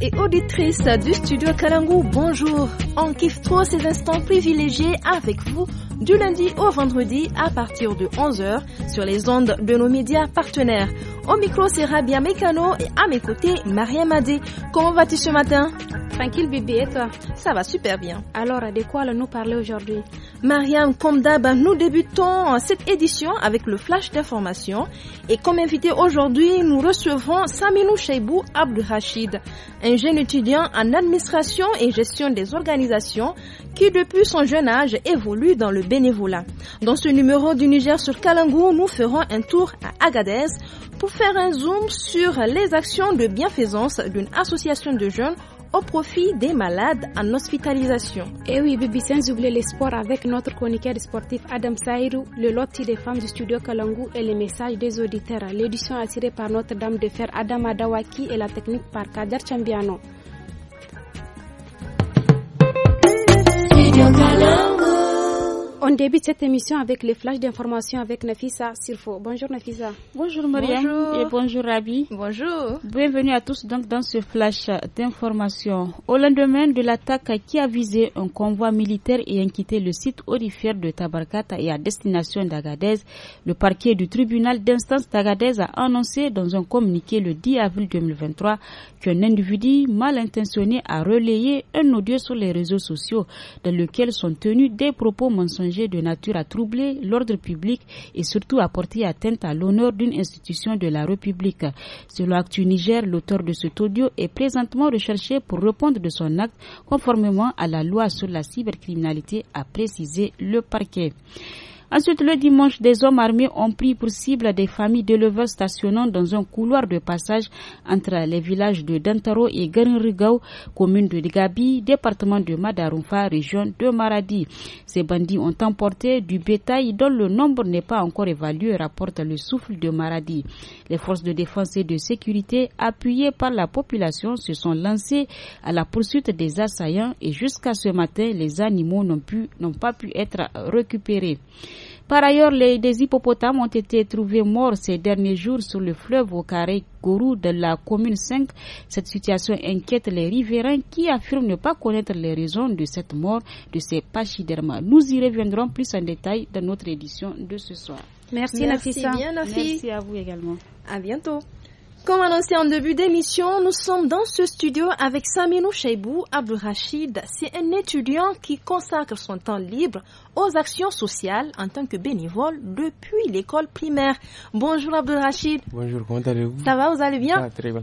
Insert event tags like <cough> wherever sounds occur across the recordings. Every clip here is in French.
et auditrice du studio Kalangu, bonjour. On kiffe trop ces instants privilégiés avec vous du lundi au vendredi à partir de 11h sur les ondes de nos médias partenaires. Au micro, c'est Rabia Mekano et à mes côtés, Maria Madé. Comment vas-tu ce matin? Tranquille bébé et toi Ça va super bien. Alors de quoi nous parler aujourd'hui Mariam, comme ben, d'hab, nous débutons cette édition avec le flash d'information et comme invité aujourd'hui, nous recevons Saminou Cheibou Rachid, un jeune étudiant en administration et gestion des organisations qui depuis son jeune âge évolue dans le bénévolat. Dans ce numéro du Niger sur Kalangou, nous ferons un tour à Agadez pour faire un zoom sur les actions de bienfaisance d'une association de jeunes au profit des malades en hospitalisation. Et eh oui, Bibi, sans oublier les sports avec notre chroniqueur sportif Adam Saïrou, le loti des femmes du studio Kalangu et les messages des auditeurs. L'édition attirée par notre dame de fer Adam Adawaki et la technique par Kader Chambiano on débute cette émission avec les flashs d'information avec Nafisa Sirfo. Bonjour Nafisa. Bonjour Maria. Bonjour. Et bonjour Rabi. Bonjour. Bienvenue à tous dans ce flash d'information. Au lendemain de l'attaque qui a visé un convoi militaire et inquiété le site orifère de Tabarkata et à destination d'Agadez, le parquet du tribunal d'instance d'Agadez a annoncé dans un communiqué le 10 avril 2023 qu'un individu mal intentionné a relayé un audio sur les réseaux sociaux dans lequel sont tenus des propos mensongers de nature à troubler l'ordre public et surtout à porter atteinte à l'honneur d'une institution de la République. Selon Actu Niger, l'auteur de cet audio est présentement recherché pour répondre de son acte conformément à la loi sur la cybercriminalité, a précisé le parquet. Ensuite, le dimanche, des hommes armés ont pris pour cible des familles d'éleveurs stationnant dans un couloir de passage entre les villages de Dantaro et Ganrigao, commune de Gabi, département de Madarumfa, région de Maradi. Ces bandits ont emporté du bétail dont le nombre n'est pas encore évalué, rapporte le souffle de Maradi. Les forces de défense et de sécurité, appuyées par la population, se sont lancées à la poursuite des assaillants et jusqu'à ce matin, les animaux n'ont pas pu être récupérés. Par ailleurs, les, des hippopotames ont été trouvés morts ces derniers jours sur le fleuve au carré Gourou de la commune 5. Cette situation inquiète les riverains qui affirment ne pas connaître les raisons de cette mort de ces pachydermes. Nous y reviendrons plus en détail dans notre édition de ce soir. Merci, Merci bien, Merci à vous également. À bientôt. Comme annoncé en début d'émission, nous sommes dans ce studio avec Saminou Cheibou Rachid. C'est un étudiant qui consacre son temps libre aux actions sociales en tant que bénévole depuis l'école primaire. Bonjour Abdel Rachid. Bonjour, comment allez-vous Ça va, vous allez bien ah, Très bien,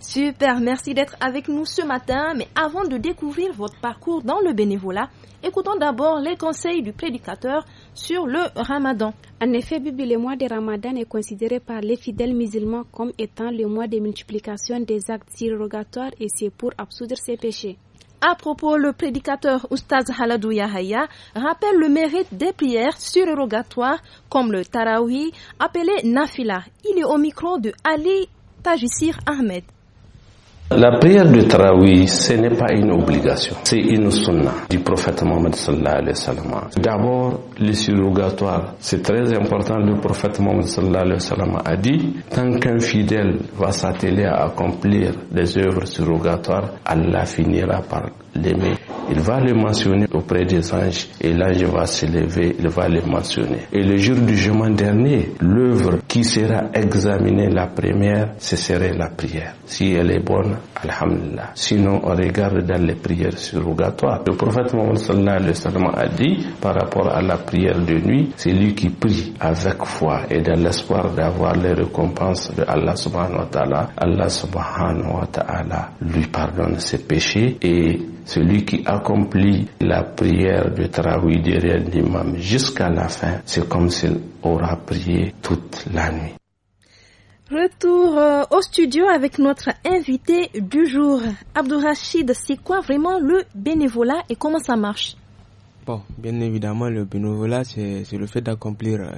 Super, merci d'être avec nous ce matin. Mais avant de découvrir votre parcours dans le bénévolat, écoutons d'abord les conseils du prédicateur sur le ramadan. En effet, Bibi, le mois de ramadan est considéré par les fidèles musulmans comme étant le mois de multiplication des actes irrogatoires et c'est pour absoudre ses péchés. À propos, le prédicateur Oustaz Haladou Yahaya rappelle le mérite des prières surérogatoires comme le Tarawi, appelé Nafila. Il est au micro de Ali Tajissir Ahmed. La prière de Tarawih, ce n'est pas une obligation, c'est une sunna du prophète Mohammed sallallahu alayhi wa sallam. D'abord, les surrogatoires, c'est très important. Le prophète Mohammed sallallahu alayhi wa sallam a dit, tant qu'un fidèle va s'atteler à accomplir des œuvres surrogatoires, Allah finira par l'aimer. Il va le mentionner auprès des anges et l'ange va se lever, il va le mentionner. Et le jour du jugement dernier, l'œuvre qui sera examinée la première, ce serait la prière. Si elle est bonne, alhamdulillah. Sinon, on regarde dans les prières surrogatoires. Le prophète Mohammed sallallahu a dit par rapport à la prière de nuit, c'est lui qui prie avec foi et dans l'espoir d'avoir les récompenses de Allah subhanahu wa ta'ala. Allah subhanahu wa ta'ala lui pardonne ses péchés et celui qui accomplit la prière de travail derrière l'imam jusqu'à la fin, c'est comme s'il aura prié toute la nuit. Retour euh, au studio avec notre invité du jour. Abdourachid, c'est quoi vraiment le bénévolat et comment ça marche Bon, bien évidemment, le bénévolat, c'est le fait d'accomplir euh,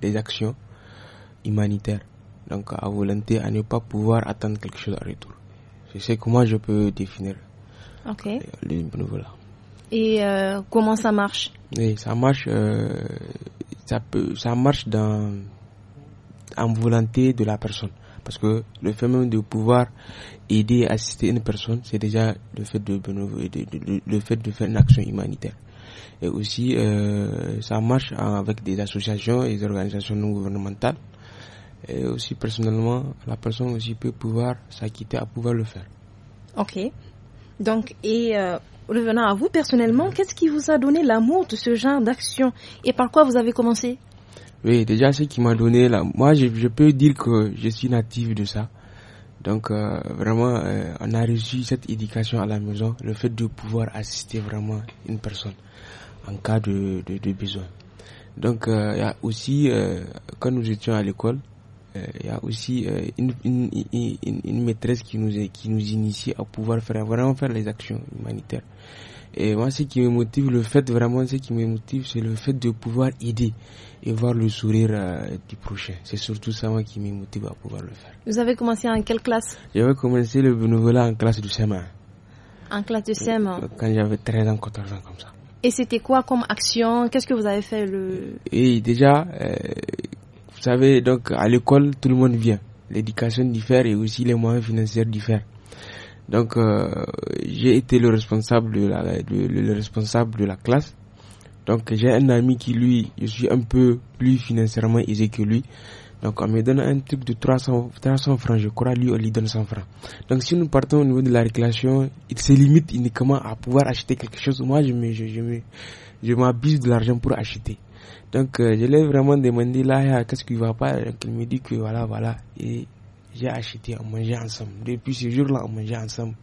des actions humanitaires. Donc, à volonté, à ne pas pouvoir attendre quelque chose en retour. Je sais comment je peux définir. Ok. Et euh, comment ça marche ça marche. Euh, ça peut, ça marche dans en volonté de la personne. Parce que le fait même de pouvoir aider, assister une personne, c'est déjà le fait de, le fait de faire une action humanitaire. Et aussi, euh, ça marche avec des associations et des organisations non gouvernementales. Et aussi, personnellement, la personne aussi peut pouvoir s'acquitter à pouvoir le faire. Ok. Donc, et euh, revenant à vous personnellement, qu'est-ce qui vous a donné l'amour de ce genre d'action et par quoi vous avez commencé Oui, déjà, ce qui m'a donné là, moi, je, peux dire que je suis natif de ça. Donc, euh, vraiment, euh, on a reçu cette éducation à la maison, le fait de pouvoir assister vraiment une personne en cas de, de besoin. Donc, il y a aussi, quand nous étions à l'école, il euh, y a aussi euh, une, une, une, maîtresse qui nous, qui nous initie à pouvoir faire, vraiment faire les actions humanitaires. Et moi, ce qui me motive, le fait vraiment, ce qui me motive, c'est le fait de pouvoir aider et voir le sourire euh, du prochain. C'est surtout ça, moi, qui me motive à pouvoir le faire. Vous avez commencé en quelle classe J'avais commencé le bénévolat en classe du cm En classe de cm Quand j'avais 13 ans, 14 ans, comme ça. Et c'était quoi comme action Qu'est-ce que vous avez fait le... Et déjà, savez, donc à l'école, tout le monde vient. L'éducation diffère et aussi les moyens financiers diffèrent. Donc euh, j'ai été le responsable de la, le, responsable de la classe. Donc j'ai un ami qui lui, je suis un peu plus financièrement aisé que lui. Donc on me donne un truc de 300, francs, je crois, lui on lui donne 100 francs. Donc si nous partons au niveau de la réclamation, il se limite uniquement à pouvoir acheter quelque chose. Moi je je, je je m'abuse de l'argent pour acheter. Donc, euh, je l'ai vraiment demandé là, qu'est-ce qui va pas Donc, il me dit que voilà, voilà. Et j'ai acheté, on manger ensemble. Depuis ce jour-là, on mangeait ensemble.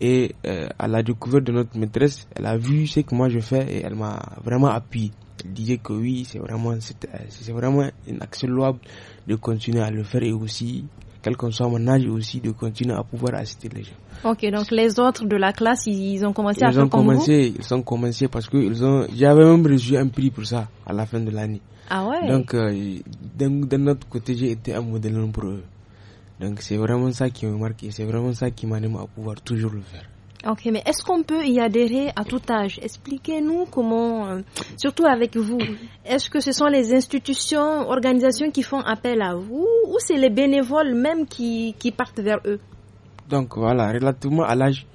Et euh, à la découverte de notre maîtresse, elle a vu ce que moi je fais et elle m'a vraiment appuyé. Elle disait que oui, c'est vraiment, c'est euh, vraiment une action louable de continuer à le faire et aussi quel que soit mon âge aussi, de continuer à pouvoir assister les gens. Ok, donc les autres de la classe, ils ont commencé à ont faire commencé, Ils ont commencé parce que ils ont, j'avais même reçu un prix pour ça à la fin de l'année. Ah ouais Donc, euh, d'un autre côté, j'ai été un modèle pour eux. Donc, c'est vraiment ça qui me marque et c'est vraiment ça qui m'anime à pouvoir toujours le faire. Ok, mais est-ce qu'on peut y adhérer à tout âge Expliquez-nous comment, euh, surtout avec vous, est-ce que ce sont les institutions, organisations qui font appel à vous ou c'est les bénévoles même qui, partent vers eux Donc voilà, relativement à l'âge,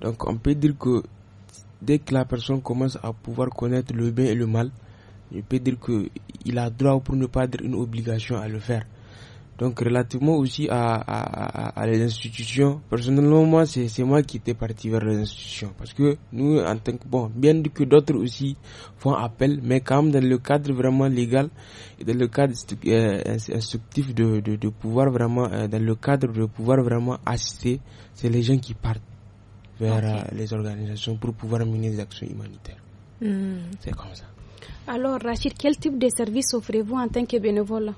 donc on peut dire que dès que la personne commence à pouvoir connaître le bien et le mal, je peut dire qu'il a droit pour ne pas dire une obligation à le faire. Donc relativement aussi à, à, les institutions, personnellement moi c'est moi qui étais parti vers les institutions parce que nous en tant que bon bien que d'autres aussi font appel, mais quand même dans le cadre vraiment légal et dans le cadre euh, instructif de, pouvoir vraiment euh, dans le cadre de pouvoir vraiment assister, c'est les gens qui partent vers euh, les organisations pour pouvoir mener des actions humanitaires. Hmm. C'est comme ça. Alors Rachid, quel type de service offrez-vous en tant que bénévole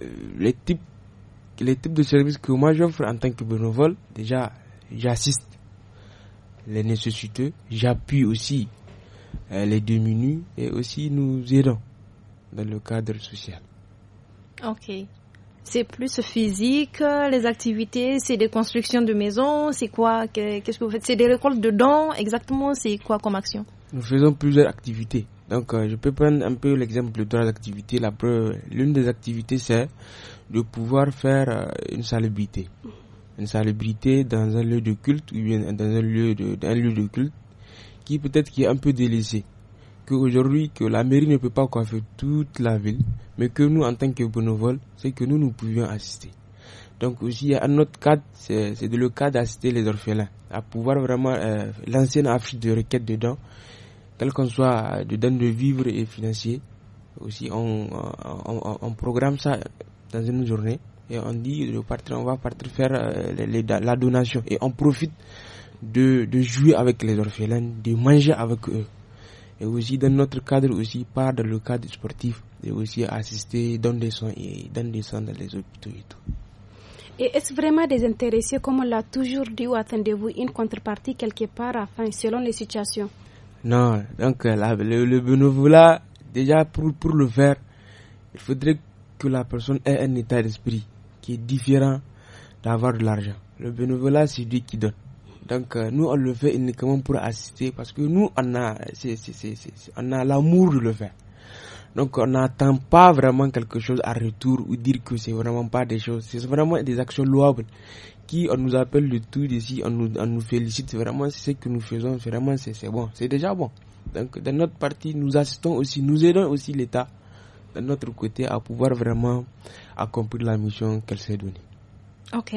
euh, les types les types de services que moi j'offre en tant que bénévole, déjà j'assiste les nécessiteux, j'appuie aussi les euh, les démunis et aussi nous aidons dans le cadre social. Ok. C'est plus physique, les activités, c'est des constructions de maisons, c'est quoi Qu'est-ce que vous faites C'est des récoltes de dents, exactement, c'est quoi comme action Nous faisons plusieurs activités. Donc, euh, je peux prendre un peu l'exemple de trois activités. La l'une des activités, c'est de pouvoir faire euh, une salubrité. Une salubrité dans un lieu de culte ou bien dans un lieu de, un lieu de culte qui peut-être qui est un peu délaissé. Qu'aujourd'hui, que la mairie ne peut pas coiffer toute la ville, mais que nous, en tant que bénévoles, c'est que nous, nous pouvions assister. Donc aussi, il y a un autre cadre, c'est le cas d'assister les orphelins, à pouvoir vraiment l'ancienne euh, lancer une affiche de requête dedans quel qu'on soit euh, du don de vivre et financier, aussi euh, on, programme ça dans une journée et on dit de on va partir faire euh, la donation et on profite de, jouer avec les orphelins, de manger avec eux. Et aussi dans notre cadre aussi, pas dans le cadre sportif, et aussi assister dans des soins et dans des dans les hôpitaux et tout. Et est-ce vraiment désintéressé, comme on l'a toujours dit, ou attendez-vous une contrepartie quelque part, afin, selon les situations non, donc le, bénévolat, déjà pour, pour le faire, il faudrait que la personne ait un état d'esprit qui est différent d'avoir de l'argent. Le bénévolat, c'est lui qui donne. Donc euh, nous, on le fait uniquement pour assister parce que nous, on a, on a l'amour de le faire. Donc on n'attend pas vraiment quelque chose à retour ou dire que c'est vraiment pas des choses. C'est vraiment des actions louables qui on nous appelle le tout ici, on nous, on nous félicite vraiment, ce que nous faisons, vraiment c'est bon, c'est déjà bon. Donc de notre partie, nous assistons aussi, nous aidons aussi l'État de notre côté à pouvoir vraiment accomplir la mission qu'elle s'est donnée. Ok.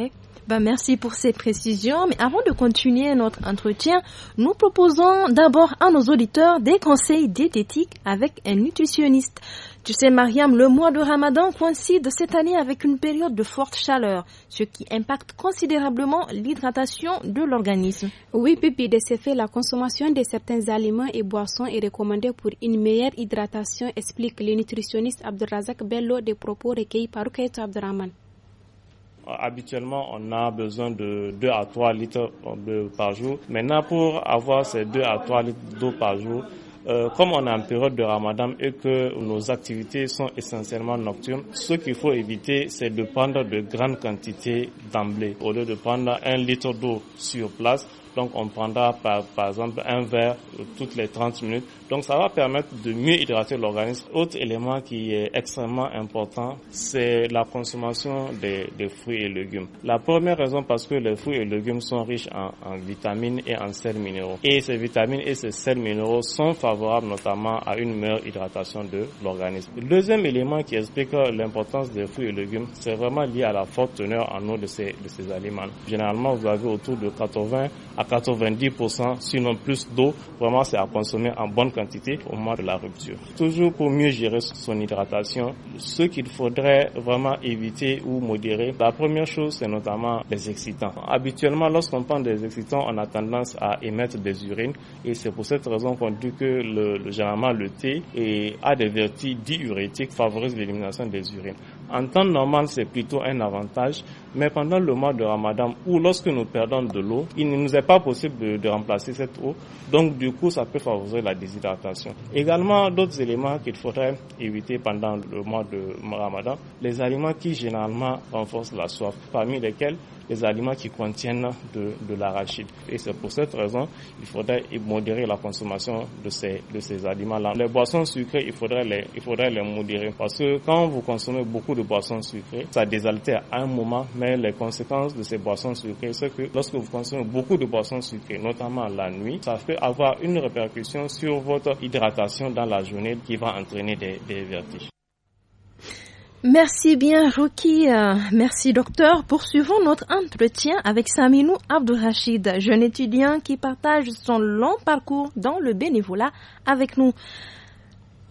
Bah, merci pour ces précisions. Mais avant de continuer notre entretien, nous proposons d'abord à nos auditeurs des conseils diététiques avec un nutritionniste. Tu sais, Mariam, le mois de Ramadan coïncide cette année avec une période de forte chaleur, ce qui impacte considérablement l'hydratation de l'organisme. Oui, Pipi, de ce fait, la consommation de certains aliments et boissons est recommandée pour une meilleure hydratation, explique le nutritionniste Abdelrazak Bello des propos recueillis par Rukayeto Abderrahman habituellement, on a besoin de 2 à 3 litres d'eau par jour. Maintenant, pour avoir ces 2 à 3 litres d'eau par jour, euh, comme on est en période de ramadan et que nos activités sont essentiellement nocturnes, ce qu'il faut éviter, c'est de prendre de grandes quantités d'emblée. Au lieu de prendre un litre d'eau sur place, donc on prendra par, par exemple un verre toutes les 30 minutes. Donc ça va permettre de mieux hydrater l'organisme. Autre élément qui est extrêmement important, c'est la consommation des, des, fruits et légumes. La première raison parce que les fruits et légumes sont riches en, en vitamines et en sels minéraux. Et ces vitamines et ces sels minéraux sont favorables notamment à une meilleure hydratation de l'organisme. Le deuxième élément qui explique l'importance des fruits et légumes, c'est vraiment lié à la forte teneur en eau de ces, de ces aliments. Généralement, vous avez autour de 80 à 90%, sinon plus d'eau. Vraiment, c'est à consommer en bonne quantité au moment de la rupture. Toujours pour mieux gérer son hydratation, ce qu'il faudrait vraiment éviter ou modérer, la première chose, c'est notamment les excitants. Habituellement, lorsqu'on prend des excitants, on a tendance à émettre des urines et c'est pour cette raison qu'on dit que le, généralement le thé et a des vertus diurétiques favorisent l'élimination des urines. En temps normal, c'est plutôt un avantage, mais pendant le mois de Ramadan ou lorsque nous perdons de l'eau, il ne nous est pas possible de, remplacer cette eau. Donc, du coup, ça peut favoriser la déshydratation. Également, d'autres éléments qu'il faudrait éviter pendant le mois de Ramadan, les aliments qui généralement renforcent la soif, parmi lesquels les aliments qui contiennent de, l'arachide. Et c'est pour cette raison il faudrait modérer la consommation de ces, de ces aliments-là. Les boissons sucrées, il faudrait les, il faudrait les modérer parce que quand vous consommez beaucoup de boissons sucrées, ça désaltère à un moment, mais les conséquences de ces boissons sucrées, c'est que lorsque vous consommez beaucoup de boissons sucrées, notamment la nuit, ça peut avoir une répercussion sur votre hydratation dans la journée qui va entraîner des vertiges. Merci bien, Rocky. Euh, merci, docteur. Poursuivons notre entretien avec Saminou Abdourachid, jeune étudiant qui partage son long parcours dans le bénévolat avec nous.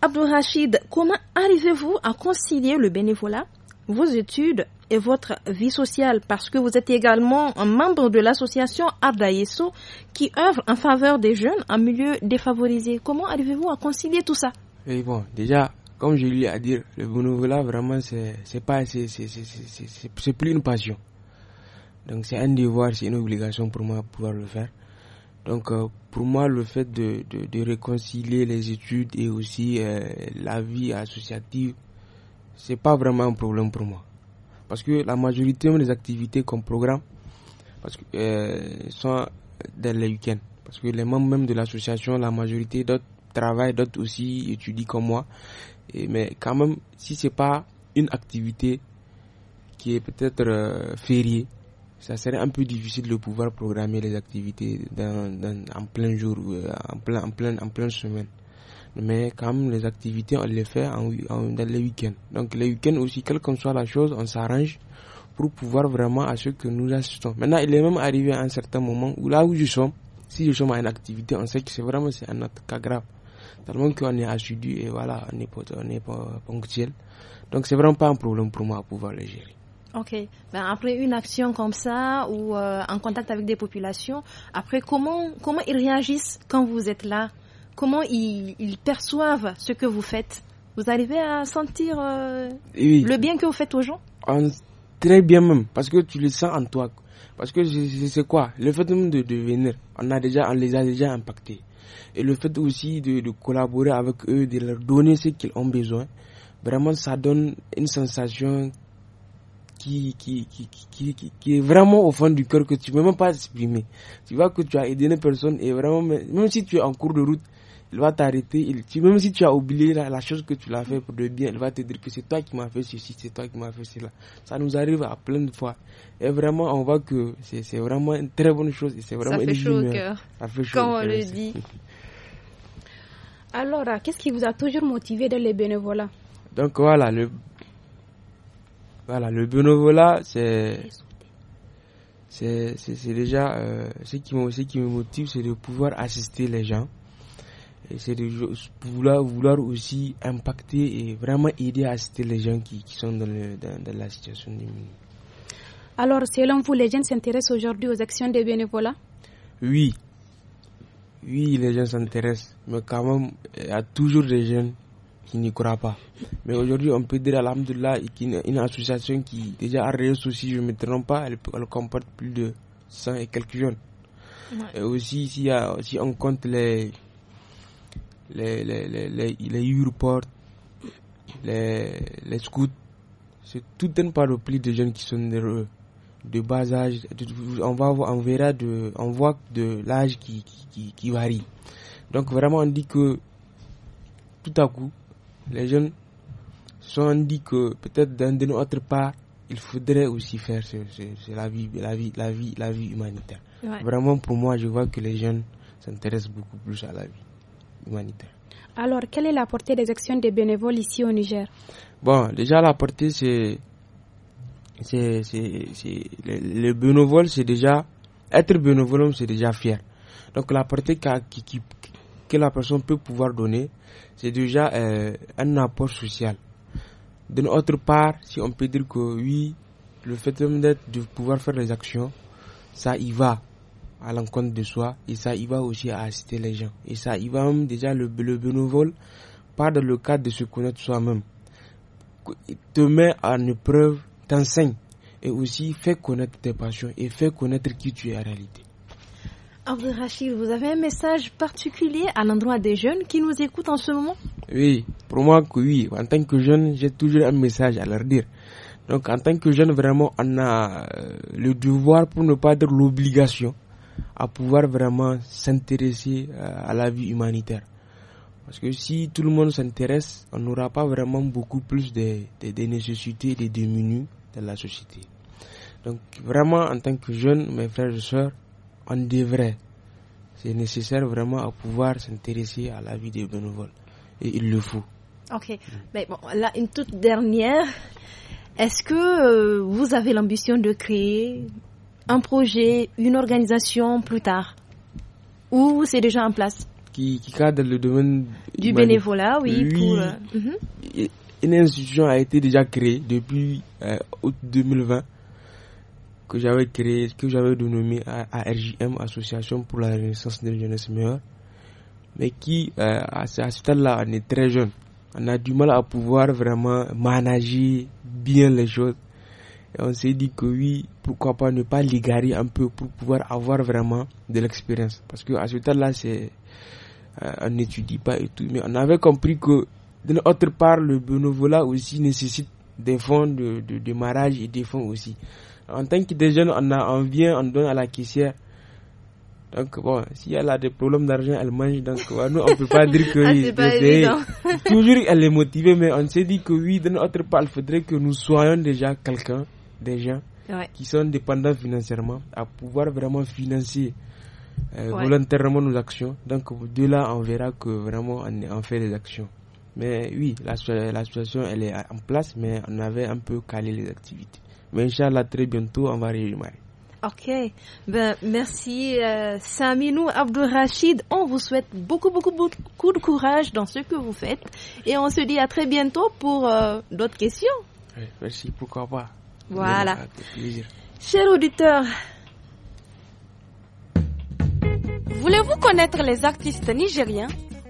Abdourachid, comment arrivez-vous à concilier le bénévolat, vos études et votre vie sociale Parce que vous êtes également un membre de l'association Abdaïesso qui œuvre en faveur des jeunes en milieu défavorisé. Comment arrivez-vous à concilier tout ça déjà, comme je lui ai dire, le là, vraiment, c'est pas, c'est plus une passion. Donc, c'est un devoir, c'est une obligation pour moi de pouvoir le faire. Donc, euh, pour moi, le fait de, réconcilier les études et aussi euh, la vie associative, c'est pas vraiment un problème pour moi. Parce que la majorité des activités comme programme parce que, euh, sont dans les week-ends. Parce que les membres même de l'association, la majorité d'autres travaillent, d'autres aussi étudient comme moi mais quand même, si c'est pas une activité qui est peut-être euh, fériée, ça serait un peu difficile de pouvoir programmer les activités en plein jour, euh, en plein, en plein, en semaine. Mais quand même, les activités, on les fait dans les week-ends. Donc les week-ends aussi, quelle que soit la chose, on s'arrange pour pouvoir vraiment à ce que nous assistons. Maintenant, il est même arrivé à un certain moment où là où je suis, si je suis à une activité, on sait que c'est vraiment c'est un cas grave tellement qu'on est assidu et voilà, on est, ponctuel. Donc c'est vraiment pas un problème pour moi à pouvoir le gérer. Ok. Ben, après une action comme ça ou euh, en contact avec des populations, après comment comment ils réagissent quand vous êtes là Comment ils, ils perçoivent ce que vous faites Vous arrivez à sentir euh, le bien que vous faites aux gens Très bien même, parce que tu le sens en toi. Parce que c'est quoi, le fait de, devenir venir, on a déjà, on les a déjà impactés et le fait aussi de, de collaborer avec eux, de leur donner ce qu'ils ont besoin, vraiment ça donne une sensation qui, qui, qui, qui, qui est vraiment au fond du cœur que tu ne peux même pas exprimer. Tu vois que tu as aidé une personne et vraiment, même si tu es en cours de route, il va t'arrêter. Même si tu as oublié la, chose que tu l'as fait pour le bien, il va te dire que c'est toi qui m'as fait ceci, c'est toi qui m'as fait cela. Ça nous arrive à plein de fois. Et vraiment, on voit que c'est vraiment une très bonne chose. Et c'est vraiment Ça fait chaud au cœur. Ça fait on le dit. <laughs> Alors, euh, qu'est-ce qui vous a toujours motivé dans les bénévolats Donc voilà, le, voilà, le bénévolat, c'est c'est déjà euh, ce qui me qui me motive c'est de pouvoir assister les gens et c'est de vouloir vouloir aussi impacter et vraiment aider à assister les gens qui, sont dans, la situation Alors selon vous les jeunes s'intéressent aujourd'hui aux actions des bénévolats Oui, oui, les gens s'intéressent, mais quand même, il y a toujours des jeunes qui n'y croient pas. Mais aujourd'hui, on peut dire, y qu'une une association qui, déjà a réussi, je ne me trompe pas, elle, comporte plus de 100 et quelques jeunes. Et aussi, si, on compte les, les, les, les, les, les les, les scouts, c'est tout un panoplie de jeunes qui sont heureux de bas âge, on, va, on verra de, on voit de l'âge qui, qui, qui, varie. Donc vraiment, on dit que tout à coup, les jeunes sont dit que peut-être d'un de notre part, il faudrait aussi faire la, vie, la, vie, la, vie, la vie humanitaire. Vraiment, pour moi, je vois que les jeunes s'intéressent beaucoup plus à la vie humanitaire. Alors, quelle est la portée des actions des bénévoles ici au Niger Bon, déjà, la portée, c'est c'est, le bénévole, c'est déjà, être bénévole, c'est déjà fier. Donc la partie qui, qui, que la personne peut pouvoir donner, c'est déjà euh, un apport social. d'une autre part, si on peut dire que oui, le fait même d'être, de pouvoir faire les actions, ça y va à l'encontre de soi et ça y va aussi à assister les gens. Et ça y va même déjà le, le bénévole, pas dans le cadre de se connaître soi-même. Te met en épreuve t'enseigne et aussi fait connaître tes passions et fait connaître qui tu es en réalité. Abdelrachid, vous avez un message particulier à l'endroit des jeunes qui nous écoutent en ce moment Oui, pour moi, oui. En tant que jeune, j'ai toujours un message à leur dire. Donc, en tant que jeune, vraiment, on a euh, le devoir, pour ne pas dire l'obligation, à pouvoir vraiment s'intéresser euh, à la vie humanitaire. Parce que si tout le monde s'intéresse, on n'aura pas vraiment beaucoup plus de, de nécessités des démunis de la société. Donc vraiment, en tant que jeune, mes frères et sœurs, on devrait, c'est nécessaire vraiment à pouvoir s'intéresser à la vie des bénévoles. Et il le faut. Ok. Mais bon, là, une toute dernière. Est-ce que euh, vous avez l'ambition de créer un projet, une organisation plus tard Ou c'est déjà en place qui, cadre le domaine du bénévolat, oui. oui. Euh, mhm une institution a été déjà créée depuis euh, août 2020 que j'avais créé, que j'avais à RJM, Association pour la Renaissance de la Jeunesse Meilleure, mais qui, euh, à, ce stade-là, on est très jeune. On a du mal à pouvoir vraiment manager bien les choses. Et on s'est dit que oui, pourquoi pas ne pas l'égarer un peu pour pouvoir avoir vraiment de l'expérience. Parce que à ce stade-là, c'est, euh, on n'étudie pas et tout. Mais on avait compris que d'une autre part, le bénévolat aussi nécessite des fonds de, de, et des fonds aussi. En tant que des jeunes, on, vient, on donne à la caissière. Donc bon, si elle a des problèmes d'argent, elle mange. Donc nous, on peut pas dire que... <laughs> ah, pas <laughs> toujours, elle est motivée, mais on s'est dit que oui, d'une autre part, il faudrait que nous soyons déjà quelqu'un, des gens qui sont dépendants financièrement, à pouvoir vraiment financer euh, volontairement nos actions. Donc de là, on verra que vraiment, on, on fait des actions. Mais oui, la, situation elle est en place, mais on avait un peu calé les activités. Mais Inch'Allah, très bientôt, on va réunir. Ok, ben, merci euh, Saminou Rachid. On vous souhaite beaucoup, beaucoup, beaucoup de courage dans ce que vous faites et on se dit à très bientôt pour euh, d'autres questions. Oui, merci, pourquoi pas. Voilà. Chers auditeurs, voulez-vous connaître les artistes nigériens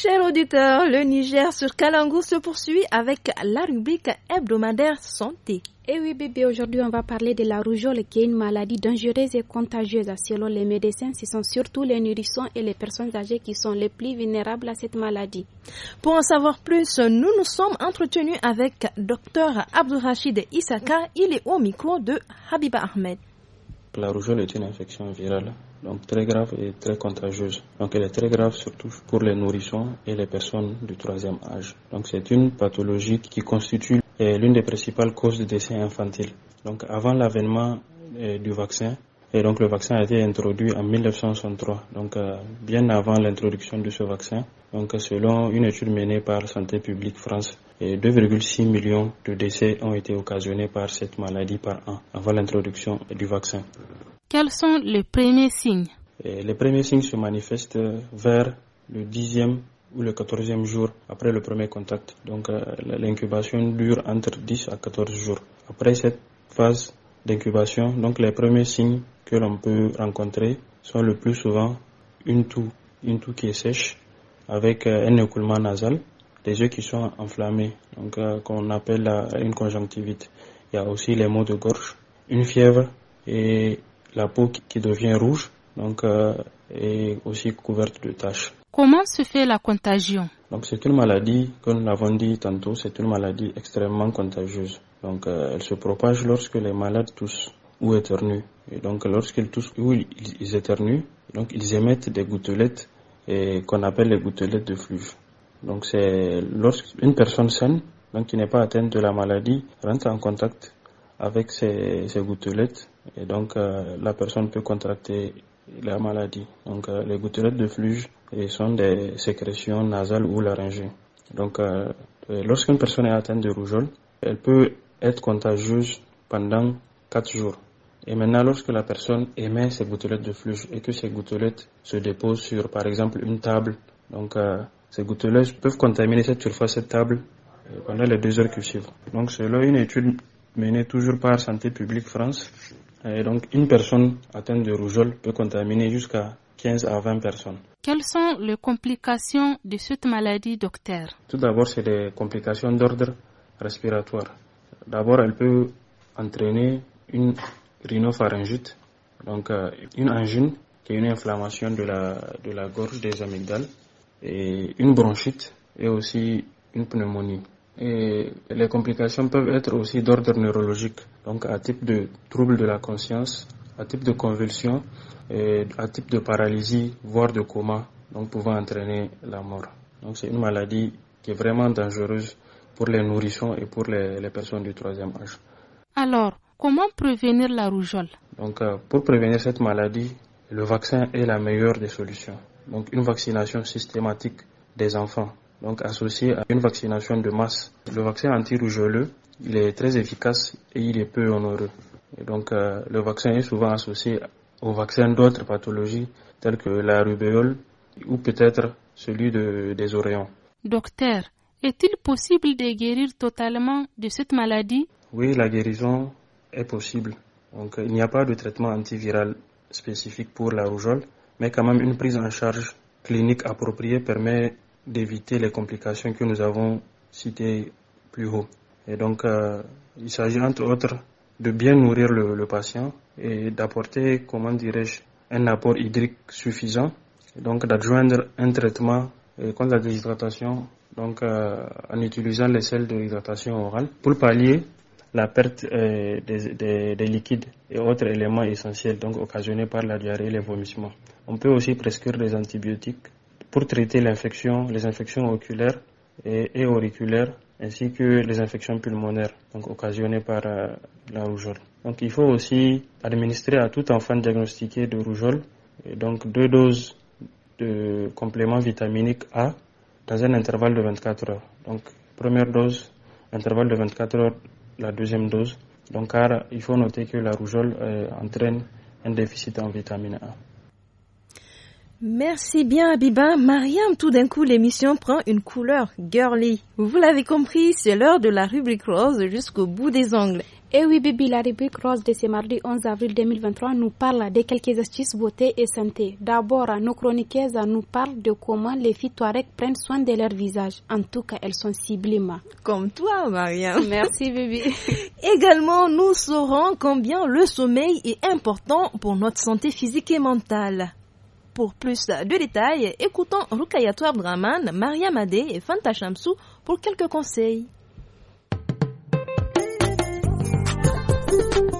Chers auditeurs, le Niger sur Kalangou se poursuit avec la rubrique hebdomadaire santé. Et eh oui bébé, aujourd'hui on va parler de la rougeole qui est une maladie dangereuse et contagieuse. Selon les médecins, ce sont surtout les nourrissons et les personnes âgées qui sont les plus vulnérables à cette maladie. Pour en savoir plus, nous nous sommes entretenus avec Dr Abdourachid Issaka. Il est au micro de Habiba Ahmed. La rougeole est une infection virale donc très grave et très contagieuse. Donc elle est très grave surtout pour les nourrissons et les personnes du troisième âge. Donc c'est une pathologie qui constitue eh, l'une des principales causes de décès infantile. Donc avant l'avènement eh, du vaccin, et eh, donc le vaccin a été introduit en 1963, donc euh, bien avant l'introduction de ce vaccin. Donc selon une étude menée par Santé publique France, 2,6 millions de décès ont été occasionnés par cette maladie par an avant l'introduction du vaccin. Quels sont les premiers signes Les premiers signes se manifestent vers le dixième ou le 14e jour après le premier contact. Donc euh, l'incubation dure entre 10 à 14 jours. Après cette phase d'incubation, donc les premiers signes que l'on peut rencontrer sont le plus souvent une toux, une toux qui est sèche avec euh, un écoulement nasal, des yeux qui sont enflammés, donc euh, qu'on appelle une conjonctivite. Il y a aussi les maux de gorge, une fièvre et la peau qui devient rouge donc, euh, aussi couverte de taches. Comment se fait la contagion c'est une maladie, comme nous l'avons dit tantôt, c'est une maladie extrêmement contagieuse. Euh, elle se propage lorsque les malades toussent ou éternuent. Et donc lorsqu'ils toussent ou ils, éternuent, ils émettent des gouttelettes qu'on appelle les gouttelettes de flux. Donc c'est lorsqu'une personne saine, qui n'est pas atteinte de la maladie, rentre en contact avec ces gouttelettes et donc, euh, la personne peut contracter la maladie. Donc, euh, les gouttelettes de fluge sont des sécrétions nasales ou laryngées. Donc, euh, lorsqu'une personne est atteinte de rougeole, elle peut être contagieuse pendant 4 jours. Et maintenant, lorsque la personne émet ses gouttelettes de fluge et que ces gouttelettes se déposent sur, par exemple, une table, donc ces gouttelettes peuvent contaminer cette surface, cette table, pendant les deux heures qui suivent. Donc, là une étude menée toujours par Santé publique France, euh, donc, une personne atteinte de rougeole peut contaminer jusqu'à 15 à 20 personnes. Quelles sont les complications de cette maladie, docteur Tout d'abord, c'est des complications d'ordre respiratoire. D'abord, elle peut entraîner une rhinopharyngite, donc euh, une angine, qui est une inflammation de la, de la gorge des amygdales, et une bronchite et aussi une pneumonie. Et les complications peuvent être aussi d'ordre neurologique, donc à type de troubles de la conscience, à type de convulsion, et à type de paralysie, voire de coma, donc pouvant entraîner la mort. Donc c'est une maladie qui est vraiment dangereuse pour les nourrissons et pour les, personnes du troisième âge. Alors, comment prévenir la rougeole Donc euh, pour prévenir cette maladie, le vaccin est la meilleure des solutions. Donc une vaccination systématique des enfants donc associé à une vaccination de masse. Le vaccin anti-rougeoleux, il est très efficace et il est peu onéreux. Et donc euh, le vaccin est souvent associé au vaccin d'autres pathologies telles que la rubéole ou peut-être celui des oreillons. Docteur, est-il possible de guérir totalement de cette maladie Oui, la guérison est possible. Donc il n'y a pas de traitement antiviral spécifique pour la rougeole, mais quand même une prise en charge clinique appropriée permet d'éviter les complications que nous avons citées plus haut. Et donc, euh, il s'agit entre autres de bien nourrir le, patient et d'apporter, comment dirais-je, un apport hydrique suffisant, donc d'adjoindre un traitement euh, contre la déshydratation, donc euh, en utilisant les sels de l'hydratation orale pour pallier la perte des, liquides et autres éléments essentiels donc occasionnés par la diarrhée et les vomissements. On peut aussi prescrire des antibiotiques pour traiter l'infection, les infections oculaires et, auriculaires ainsi que les infections pulmonaires donc occasionnées par euh, la rougeole. Donc il faut aussi administrer à tout enfant diagnostiqué de rougeole donc deux doses de complément vitaminique A dans un intervalle de 24 heures. Donc première dose, intervalle de 24 heures, la deuxième dose. Donc car il faut noter que la rougeole euh, entraîne un déficit en vitamine A. Merci bien Abiba. Mariam, tout d'un coup, l'émission prend une couleur girly. Vous l'avez compris, c'est l'heure de la rubrique rose jusqu'au bout des ongles. Et eh oui, Bibi, la rubrique rose de ce mardi 11 avril 2023 nous parle de quelques astuces beauté et santé. D'abord, nos chroniqueuses nous parlent de comment les filles Touareg prennent soin de leur visage. En tout cas, elles sont sublimes. Comme toi, Mariam. Merci, Bibi. <laughs> Également, nous saurons combien le sommeil est important pour notre santé physique et mentale. Pour plus de détails, écoutons Rukayatou Abdraman, Maria Madé et Fanta Shamsou pour quelques conseils.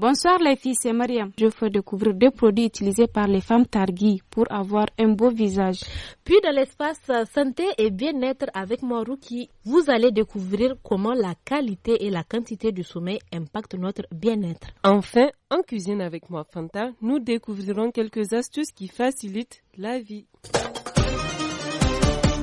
Bonsoir les filles, c'est Mariam. Je fais découvrir deux produits utilisés par les femmes targui pour avoir un beau visage. Puis dans l'espace santé et bien-être avec moi Ruki, vous allez découvrir comment la qualité et la quantité du sommeil impactent notre bien-être. Enfin, en cuisine avec moi Fanta, nous découvrirons quelques astuces qui facilitent la vie.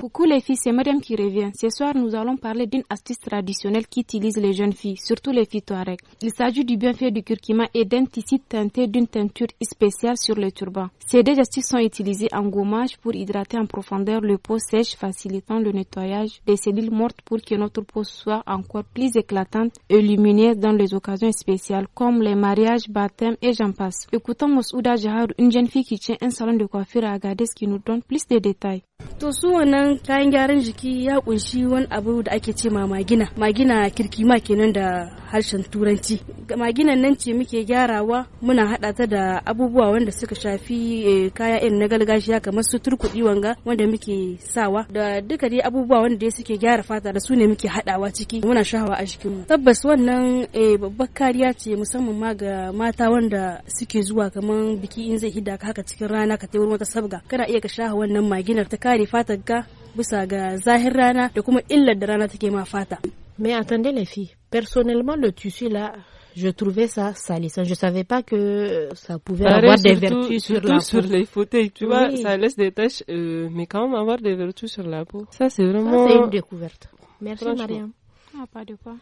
Coucou les filles, c'est Madame qui revient. Ce soir, nous allons parler d'une astuce traditionnelle qui utilise les jeunes filles, surtout les filles Touareg. Il s'agit du bienfait du curcuma et d'un tissu teinté d'une teinture spéciale sur le turban. Ces deux astuces sont utilisées en gommage pour hydrater en profondeur le peau sèche, facilitant le nettoyage des cellules mortes pour que notre peau soit encore plus éclatante et lumineuse dans les occasions spéciales comme les mariages, baptêmes et j'en passe. Écoutons Mosouda Jahar, une jeune fille qui tient un salon de coiffure à Agadez qui nous donne plus de détails. To su wannan kayan gyaran jiki ya kunshi wani abu da ake ce ma magina. Magina kirkima kenan da harshen turanci. Magina nan ce muke gyarawa muna haɗa ta da abubuwa wanda suka shafi eh, kaya irin na gargajiya kamar su turkuɗi wanga wanda muke sawa da duka dai abubuwa wanda dai suke gyara fata da su ne muke haɗawa ciki muna shahawa a mu. Tabbas wannan eh, babbar kariya ce musamman ma ga mata wanda suke zuwa kamar biki in zai hidda ka haka cikin rana ka taiwar wata sabga kana iya ka shaha wannan maginar ta Mais attendez les filles, personnellement le tissu là, je trouvais ça salissant. Je savais pas que euh, ça pouvait avoir des vertus sur sur les fauteuils, tu vois, ça laisse des taches, euh, mais quand même avoir des vertus sur la peau. Ça c'est vraiment. c'est une découverte. Merci Mariam. Ah, pas de quoi.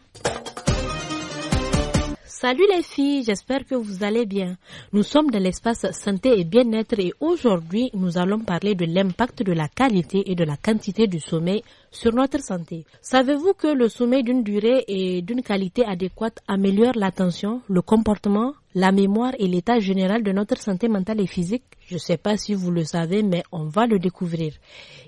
Salut les filles, j'espère que vous allez bien. Nous sommes dans l'espace santé et bien-être et aujourd'hui nous allons parler de l'impact de la qualité et de la quantité du sommeil sur notre santé. Savez-vous que le sommeil d'une durée et d'une qualité adéquate améliore l'attention, le comportement, la mémoire et l'état général de notre santé mentale et physique Je ne sais pas si vous le savez, mais on va le découvrir.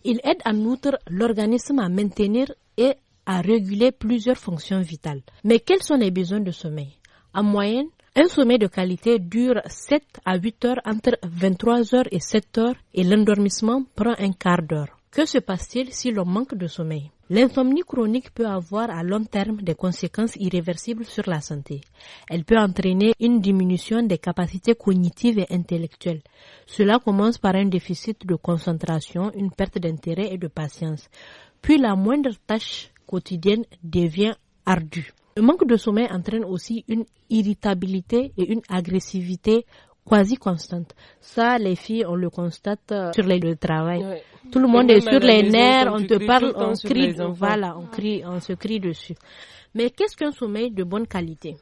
Il aide en outre l'organisme à maintenir et à réguler plusieurs fonctions vitales. Mais quels sont les besoins de sommeil en moyenne, un sommeil de qualité dure 7 à 8 heures entre 23 heures et 7 heures et l'endormissement prend un quart d'heure. Que se passe-t-il si l'on manque de sommeil L'insomnie chronique peut avoir à long terme des conséquences irréversibles sur la santé. Elle peut entraîner une diminution des capacités cognitives et intellectuelles. Cela commence par un déficit de concentration, une perte d'intérêt et de patience. Puis la moindre tâche quotidienne devient ardue. Le manque de sommeil entraîne aussi une irritabilité et une agressivité quasi constante. Ça, les filles, on le constate euh, sur les de travail. Tout le monde est sur les nerfs, on te parle, on crie, là, on crie, on se crie dessus. Mais qu'est-ce qu'un sommeil de bonne qualité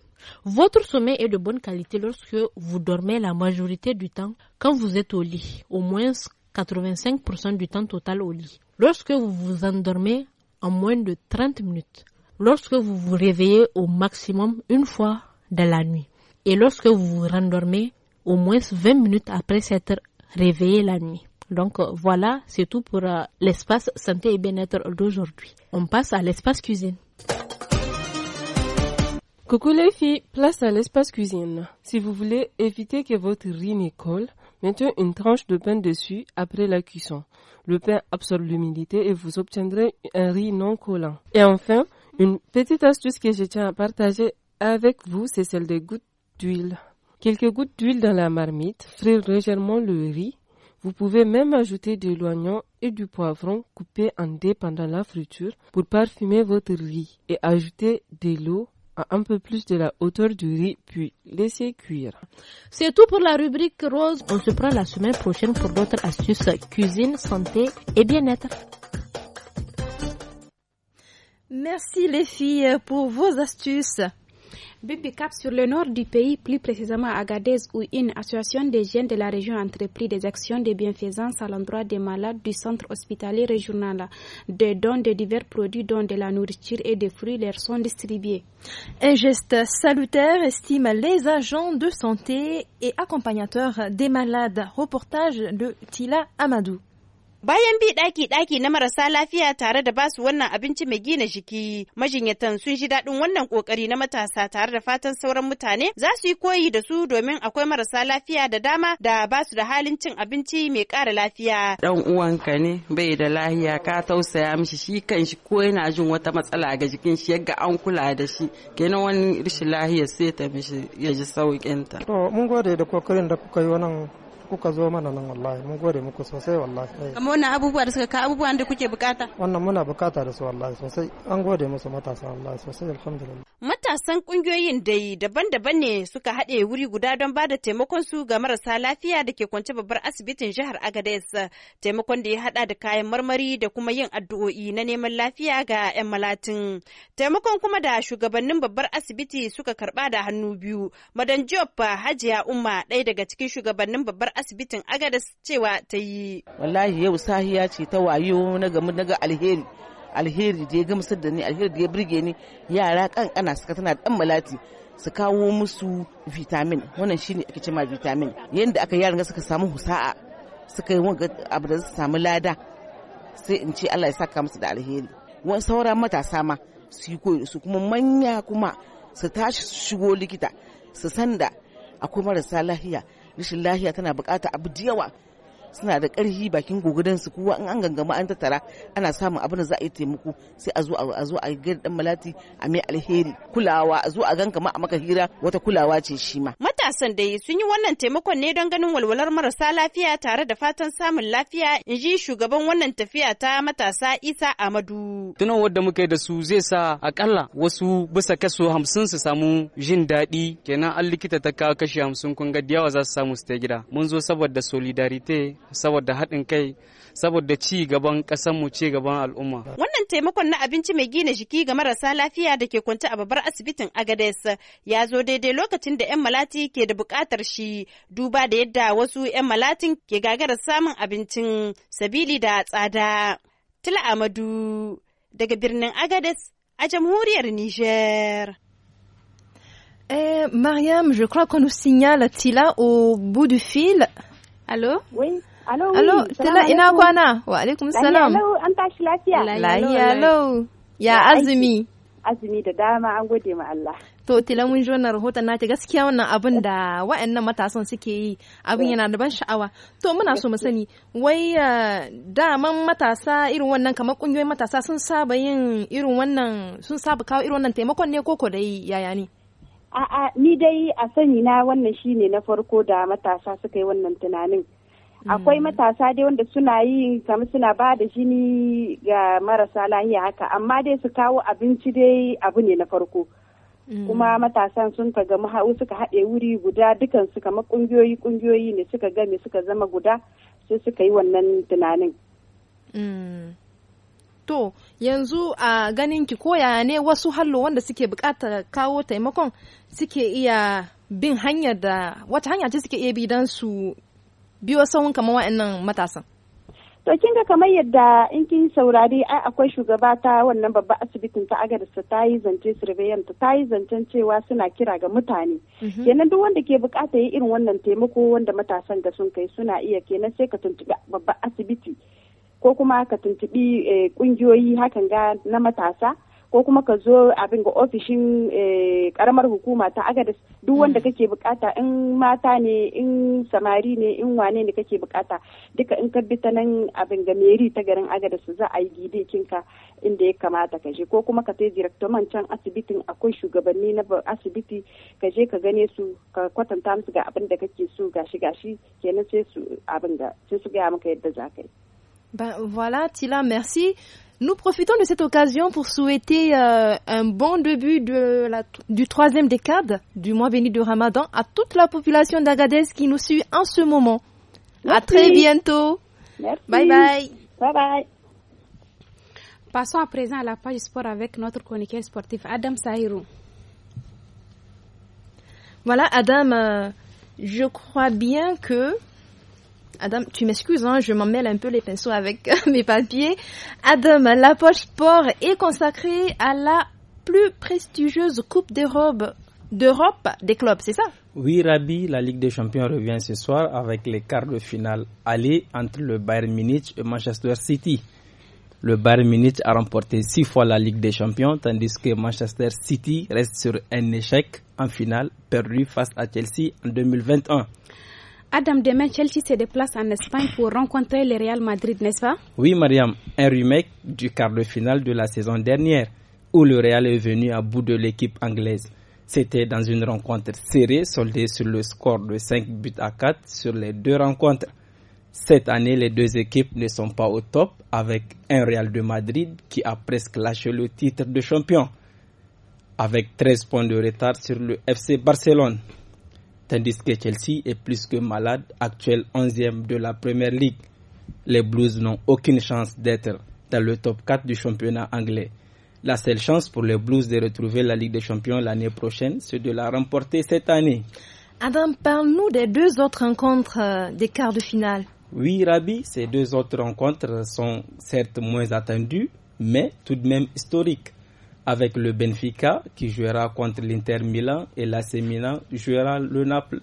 votre sommeil est de bonne qualité lorsque vous dormez la majorité du temps quand vous êtes au lit, au moins 85% du temps total au lit. Lorsque vous vous endormez en moins de 30 minutes, lorsque vous vous réveillez au maximum une fois dans la nuit et lorsque vous vous rendormez au moins 20 minutes après s'être réveillé la nuit. Donc euh, voilà, c'est tout pour euh, l'espace santé et bien-être d'aujourd'hui. On passe à l'espace cuisine. Coucou les filles, place à l'espace cuisine. Si vous voulez éviter que votre riz ne colle, mettez une tranche de pain dessus après la cuisson. Le pain absorbe l'humidité et vous obtiendrez un riz non collant. Et enfin, une petite astuce que je tiens à partager avec vous, c'est celle des gouttes d'huile. Quelques gouttes d'huile dans la marmite, frire légèrement le riz. Vous pouvez même ajouter de l'oignon et du poivron coupés en dés pendant la friture pour parfumer votre riz et ajouter de l'eau à un peu plus de la hauteur du riz, puis laisser cuire. C'est tout pour la rubrique rose. On se prend la semaine prochaine pour d'autres astuces cuisine, santé et bien-être. Merci les filles pour vos astuces. BP sur le nord du pays, plus précisément à Agadez, où une association des jeunes de la région a entrepris des actions de bienfaisance à l'endroit des malades du centre hospitalier régional. Des dons de divers produits, dont de la nourriture et des fruits, leur sont distribués. Un geste salutaire, estime les agents de santé et accompagnateurs des malades. Reportage de Tila Amadou. Bayan bi ɗaki-ɗaki na marasa lafiya tare da basu wannan abinci mai gina jiki, majinyatan sun ji daɗin wannan ƙoƙari na matasa tare da fatan sauran mutane za su yi koyi da su domin akwai marasa lafiya da dama da basu da halin cin abinci mai ƙara lafiya. Dan uwanka ne bai da lahiya ka tausaya mishi shi kanshi ko yana jin wata matsala ga jikin shi yadda an kula da shi kenan wani rashin lahiya sai ta mishi ya ji sauƙinta. To mun gode da kokarin da kuka yi wannan kuka zo mana nan wallahi mun gode muku sosai wallahi kamar eh. wannan abubuwa da suka ka abubuwan da kuke bukata wannan muna bukata da su wallahi sosai an gode musu matasa wallahi sosai alhamdulillah matasan kungiyoyin dai daban-daban ne suka haɗe wuri guda don ba da taimakon su ga marasa lafiya da ke kwance babbar asibitin jihar Agadez taimakon da ya haɗa da kayan marmari da kuma yin addu'o'i na neman lafiya ga 'yan malatin taimakon kuma da shugabannin babbar asibiti suka karɓa da hannu biyu madan Diop Hajiya Umma ɗaya daga cikin shugabannin babbar asibitin agadas cewa ta yi wallahi yau sahiya ce ta wayo na gamu na ga alheri alheri da ya gamsar da ni alheri da ya burge ni yara kankana suka tana dan malati su kawo musu vitamin wannan shine ake cewa vitamin yanda aka yaran suka samu husa'a suka yi wanga abu da su samu lada sai in ce Allah ya saka musu da alheri wani sauran matasa ma su yi koyi su kuma manya kuma su tashi su shigo likita su san da akwai marasa lahiya rashin lahiya tana bukata abu da yawa suna da ƙarfi bakin gogudan su kuwa in an gangama an tattara ana samun abin da za a yi taimako sai a zo a zo a ga dan malati a mai alheri kulawa a zo a ganka ma a maka hira wata kulawa ce shi ma matasan dai sun yi wannan taimakon ne don ganin walwalar marasa lafiya tare da fatan samun lafiya in ji shugaban wannan tafiya ta matasa Isa Amadu tunan wadda muka yi da su zai sa akalla wasu bisa kaso hamsin su samu jin daɗi kenan an likita ta kawo kashi hamsin kun ga da za su samu su ta gida mun zo saboda solidarity saboda haɗin kai saboda ci gaban ƙasarmu ci gaban al'umma. Wannan taimakon na abinci mai gina jiki ga marasa lafiya da ke kwanta a babbar asibitin Agades ya zo daidai lokacin da 'yan malati ke da buƙatar shi duba da yadda wasu 'yan malatin ke gagara samun abincin sabili da tsada. Tila Amadu daga birnin Agades a jamhuriyar Niger. Eh, Mariam, je crois qu'on nous signale Tila au bout du fil. Allô? Oui. Alo, Alo Sila ina kwana? Wa alaikum salam. Alo, an tashi lafiya. Lahiya lau. Ya azumi. Azumi da dama an gode ma Allah. To, Tila mun ji wannan rahoton ta gaskiya wannan abin da wa'annan matasan suke yi abin yana da ban sha'awa. To, muna so mu sani, wai eh, daman matasa irin wannan kamar kungiyoyin matasa sun saba yin irin wannan sun saba kawo irin wannan taimakon ne koko dai yaya ne? A'a, ni dai a sani na wannan shi ne na farko da matasa suka yi wannan tunanin. akwai hmm. matasa dai wanda suna yi kama suna ba da jini ga marasa lahiya haka amma dai su kawo abinci dai abu ne na farko hmm. kuma matasan sun ka gama hau suka haɗe wuri guda dukan su kama ƙungiyoyi ƙungiyoyi ne suka game suka zama guda sai suka yi wannan tunanin hmm. to yanzu a ganin ki koya ne wasu hallo wanda suke buƙatar kawo taimakon suke iya bin hanyar da wata hanya ce suke iya bi don su biyo sahun kamar wa'annan matasan to kin ga kamar yadda in kin saurari ai akwai shugaba ta wannan babban asibitin ta agadis ta yi zance surveillance ta yi zancen cewa suna kira ga mutane mhm. kenan duk wanda ke bukata yi irin wannan taimako wanda matasan da sun kai suna iya kenan sai ka tuntubi babban asibiti ko kuma ka tuntubi kungiyoyi eh, hakan ga na matasa ko kuma ka zo abin ga ofishin eh, karamar hukuma ta agadis duk wanda mm. kake bukata in mata ne in samari ne in wane ne kake bukata duka in ka bi ta nan abin ga meri ta garin agadis za a yi gidi kinka inda ya kamata ka je ko kuma ka sai man can asibitin akwai shugabanni na asibiti ka je ka gane su ka kwatanta musu ga abin da kake so gashi gashi kenan sai su abin da sai su gaya maka yadda za ka yi. Ben voilà, Tila, merci. Nous profitons de cette occasion pour souhaiter euh, un bon début de la, du troisième décade du mois béni de Ramadan à toute la population d'Agadez qui nous suit en ce moment. À très bientôt. Merci. Bye bye. Bye bye. Passons à présent à la page sport avec notre chroniqueur sportif Adam Sahirou. Voilà Adam, euh, je crois bien que Adam, tu m'excuses, hein, je m'en mêle un peu les pinceaux avec euh, <laughs> mes papiers. Adam, la poche sport est consacrée à la plus prestigieuse Coupe d'Europe d'Europe des clubs, c'est ça Oui, Rabi, la Ligue des Champions revient ce soir avec les quarts de finale aller entre le Bayern Munich et Manchester City. Le Bayern Munich a remporté six fois la Ligue des Champions, tandis que Manchester City reste sur un échec en finale perdu face à Chelsea en 2021. Adam, demain, Chelsea se déplace en Espagne pour rencontrer le Real Madrid, n'est-ce pas Oui, Mariam, un remake du quart de finale de la saison dernière, où le Real est venu à bout de l'équipe anglaise. C'était dans une rencontre serrée, soldée sur le score de 5 buts à 4 sur les deux rencontres. Cette année, les deux équipes ne sont pas au top, avec un Real de Madrid qui a presque lâché le titre de champion, avec 13 points de retard sur le FC Barcelone tandis que Chelsea est plus que malade, actuel 11e de la Première Ligue. Les Blues n'ont aucune chance d'être dans le top 4 du championnat anglais. La seule chance pour les Blues de retrouver la Ligue des Champions l'année prochaine, c'est de la remporter cette année. Adam, parle-nous des deux autres rencontres euh, des quarts de finale. Oui, Rabi, ces deux autres rencontres sont certes moins attendues, mais tout de même historiques avec le Benfica qui jouera contre l'Inter Milan et l'AC Milan jouera le Naples.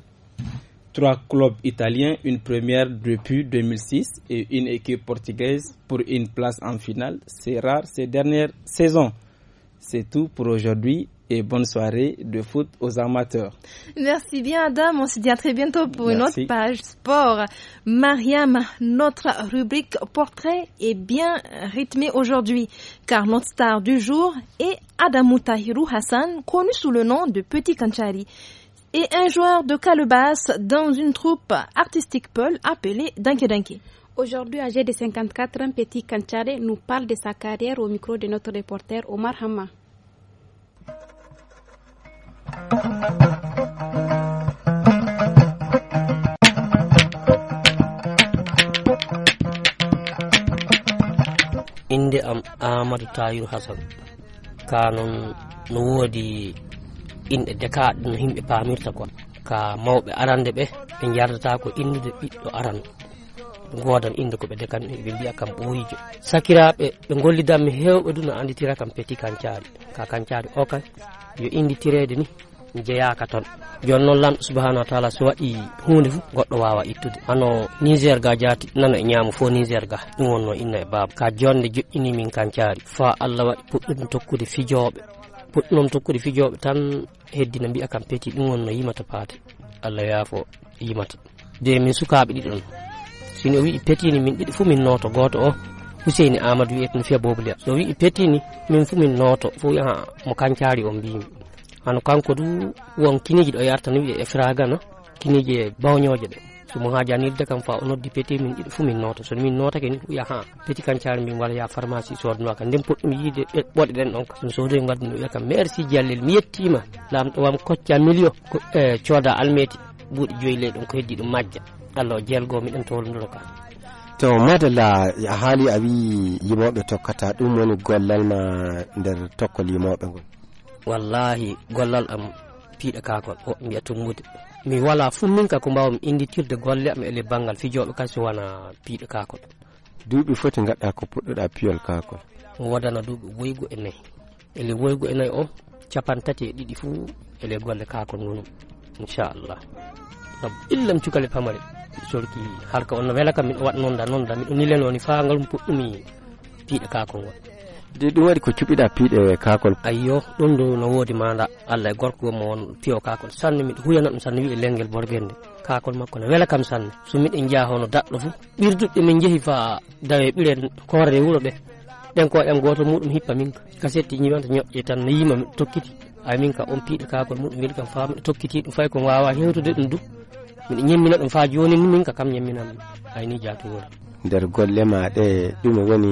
Trois clubs italiens, une première depuis 2006 et une équipe portugaise pour une place en finale. C'est rare ces dernières saisons. C'est tout pour aujourd'hui et bonne soirée de foot aux amateurs. Merci bien Adam, on se dit à très bientôt pour une autre page sport. Mariam, notre rubrique portrait est bien rythmée aujourd'hui car notre star du jour est Adam Moutahirou Hassan, connu sous le nom de Petit Kanchari et un joueur de calebasse dans une troupe artistique Peul appelée Danke Danke. Aujourd'hui, âgé de 54 ans, Petit Kanchari nous parle de sa carrière au micro de notre reporter Omar Hamma. innde am amadou tayour hasan ka noon no woodi inɗe dekaɗe no yimɓe pamirta ko ka mawɓe arande ɓe ɓe jardata ko innude ɓiɗɗo aran godan inde koɓe dekan ɓe mbiya kam ɓooyijo sakiraɓe ɓe gollidanmi hewɓe du no anditira kam peti kancari ka kancari o kay yo inditirede ni jeyaka ton joni noon lamɗo subahanahu wa taala so waɗi hunde fof goɗɗo wawa ittude hano nigér ga jaati nano e ñaamo fo nigér ga ɗum wonno inna e baaba ka jonde joƴƴini min kancaari fa allah waɗi puɗɗum tokkude fijoɓe puɗɗunom tokkude fijoɓe tan heddina mbiya kam peeti ɗum wonno yimata paate allah yaafo yimata de min sukaɓe ɗiɗon sini o wii petini min ɗiɗi fo min noto goto o huseyni amadou wiyeten fiya bobliya so wii petini min fo min noto fo wiya mo kancaari o mbimi an kanko du won kiniji ɗo yartani wiye e fraga no e bawñoje ɗe somo hajanirde kam fa o noddi peti min ɗiɗo fuu min nota sono min nootake ni wiya ha peti kancari min wala ya pharmacie sodanoa kam nden poɗɗum yiide ɓoɗe ɗen ɗon ka sono sodoy no wiya kam merci diallel mi yettima lamɗo wam kocca million ko e cooda almeti ɓuuɗi joyi ley ɗon ko heddi ɗum majja allah o jeelgo miɗen toholnduro kam to madalla a haali a wi yimoɓe tokkata ɗum woni gollal ma nder tokkol yimoɓe ngol wallahi gollal am piiɗa kakol o mbiya tummude mi wala fu min ka ko mbawmi inditirde golle am ele banggal fijoɓe kasi wona piiɗa kakol duuɓi foti gaɗɗa ko puɗɗoɗa piyol kakol wodana duuɓi woygu e nayyi ele woygu e nayyi o capan tati e ɗiɗi fuu ele golle kakol gonum inchallah sabu illam cukale pamare sorki harka on no wela kam min o waɗa nonda nonda miɗo nileno ni fa ngalum puɗɗumi piiɗa kakol ngol de ɗum waɗi ko cuɓiɗa piiɗe kakol ayyo ɗum ɗo no woodi maanda allah e gorko mo won piyo kakol sanne miɗo huyana ɗum sanne wi'i lengel borbende kakol makko ne wela kam sanne so miɗen jeeya hono daɗɗo fo ɓirduɗɗe min jeehi fa dawe ɓiren hoore wuuro ɓe ɗen ko koɗen goto muɗum hippa min ka gasetti ñiwanta ñoƴƴe tan no yima miɗo tokkiti ay min ka on piiɗe kakol muɗum weli kam faa miɗo tokkiti ɗum fay ko wawa hewtude ɗum du miɗo ñemmina ɗum fa joni ni min ka kam ñemminanmi ayni jatuwora nder golle ma ɗe ɗum woni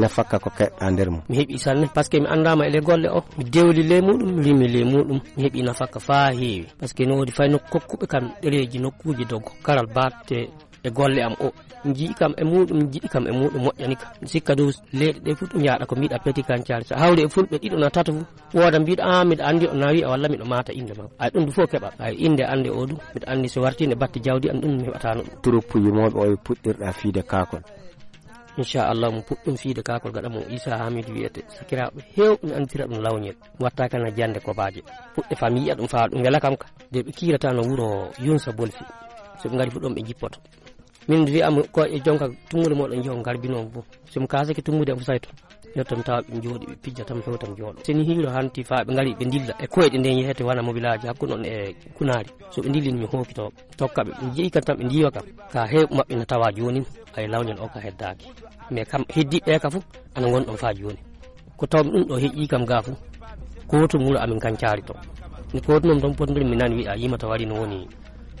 nafakka ko keɗɗa nder mum mi heeɓi salne par ce que mi anndama ele golle o mi dewli ley muɗum mi rimi ley muɗum mi heeɓi nafakka faa heewi par ce que no woodi fay nokku kokkuɓe kam ɗereji nokkuji dogo karal bate e golle am o jii kam e muɗum jiɗi kam e muɗum moƴƴani ka sikka dow leyɗe ɗe fof ɗum yaɗa ko mbiɗa peti kancare sa hawde e fulɓe ɗiɗo na tata fo wooda mbiɗa a mbiɗa anndi o nawi a walla miɗo mata inde makko ay ɗum du fof keɓa ay inde annde o ɗum mbiɗa anndi so wartinde batte jawdi am ɗum heɓatano ɗum troppe yimoɓe oyo puɗɗirɗa fiide kakol inchallah mo puɗɗum fiide kakol gaɗa mo isa hamidou wiyete sikiraɓe hewɓe mi andtira ɗum lawñel wattakana jande kobaje puɗɗe famille yiya ɗum faa ɗum wela kam ka de ɓe kirata no wuuro yunsa bolfi soɓe gari fo ɗon ɓe jippoto min wiyama koƴe jonka tumude moɗon jo garbinomo fof somi kasake tumude am sayto yettam tawa ɓe jooɗi ɓe pijja tan fewtam jooɗo seni hiiro hanti fa ɓe ngari ɓe dilla e koyɗe nde yehete wona mobilaji hakkude on e kunari so ɓe dillini mi hookitoɓe tokkaɓe ɓe jeeyi kan tan ɓe jiiwa kam ka hew mabɓe ne tawa joni ay lawñan o ka heddaki mais kam heddiɓe ka foof ana gonɗon fa joni ko tawmi ɗum ɗo heƴƴi kam ga foof goto wuuro amin kan to ne gotonom tan potodiri mi nani wiya yimata wari no woni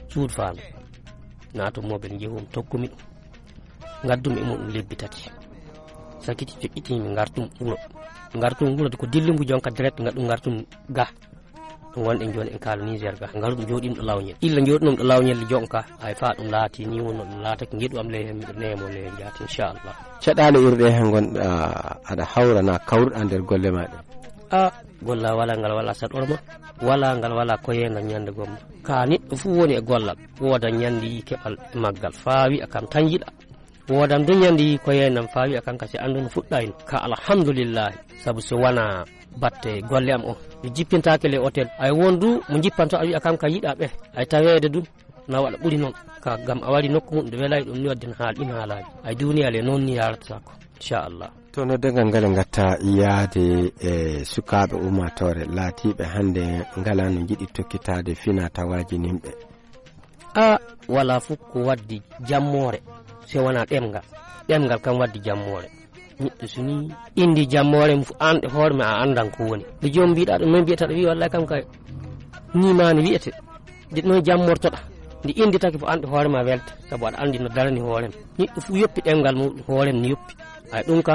suud faami na tummoɓe n jehum tokkumi ɗum gaddumi e muɗum lebbi tati sakiti joƴƴitimi gartum wuuro gartum wuuro ko dillingu jonka direct gaɗum gartum ga ɗum wonɗen joni en kaala niger ga garu ɗum joɗimi ɗo lawñel illa jooɗinom ɗo lawñelde jonka hay fa ɗum laati ni wonno ɗum laatake gueɗu am le hen miɗo nemo ley hen jaati inchallah caɗale urɗe he gonɗa aɗa hawrana kawruɗa nder golle maɗa a golla walangal wala saɗorma walangal wala koyegal ñande gomma ka neɗɗo fo woni e gollal wooda ñande yi keɓal e maggal faa wiya kam tan yiɗa woodan du ñande yi koyenam faa wiya kam ka si anndu no fuɗɗayno ka alhamdulillahi saabu so wona batte golle am o mi jippintake le hôtel ay won du mo jippanto a wiya kam ka yiɗa ɓe ay taweede du na waɗa ɓuri noon ka gam a wari nokku mum ɗo welayi ɗum ni wadden haal ɗin haalaji ay duniya le noon ni yarata sako inchallah to noddegal ngal e gatta yaade e sukaɓe ummatore laatiɓe hannde ngala no jiɗi tokkitade finatawaji nimɓe a wala fof ko waddi jammore se wona ɗemgal ɗemgal kam waddi jammore neɗɗo soni indi jammore anɗe hoorema a andan ko woni nde joom mbiɗa ɗum min mbiyata ɗo wi wallay kam ka nimani wiyete nde noon jammortoɗa nde indi taki fo anɗe hoorema welta saabu aɗa andi no darani hoorema neɗɗo fof yoppi ɗemgal muɗum hoorem ne yoppi ay ɗum ka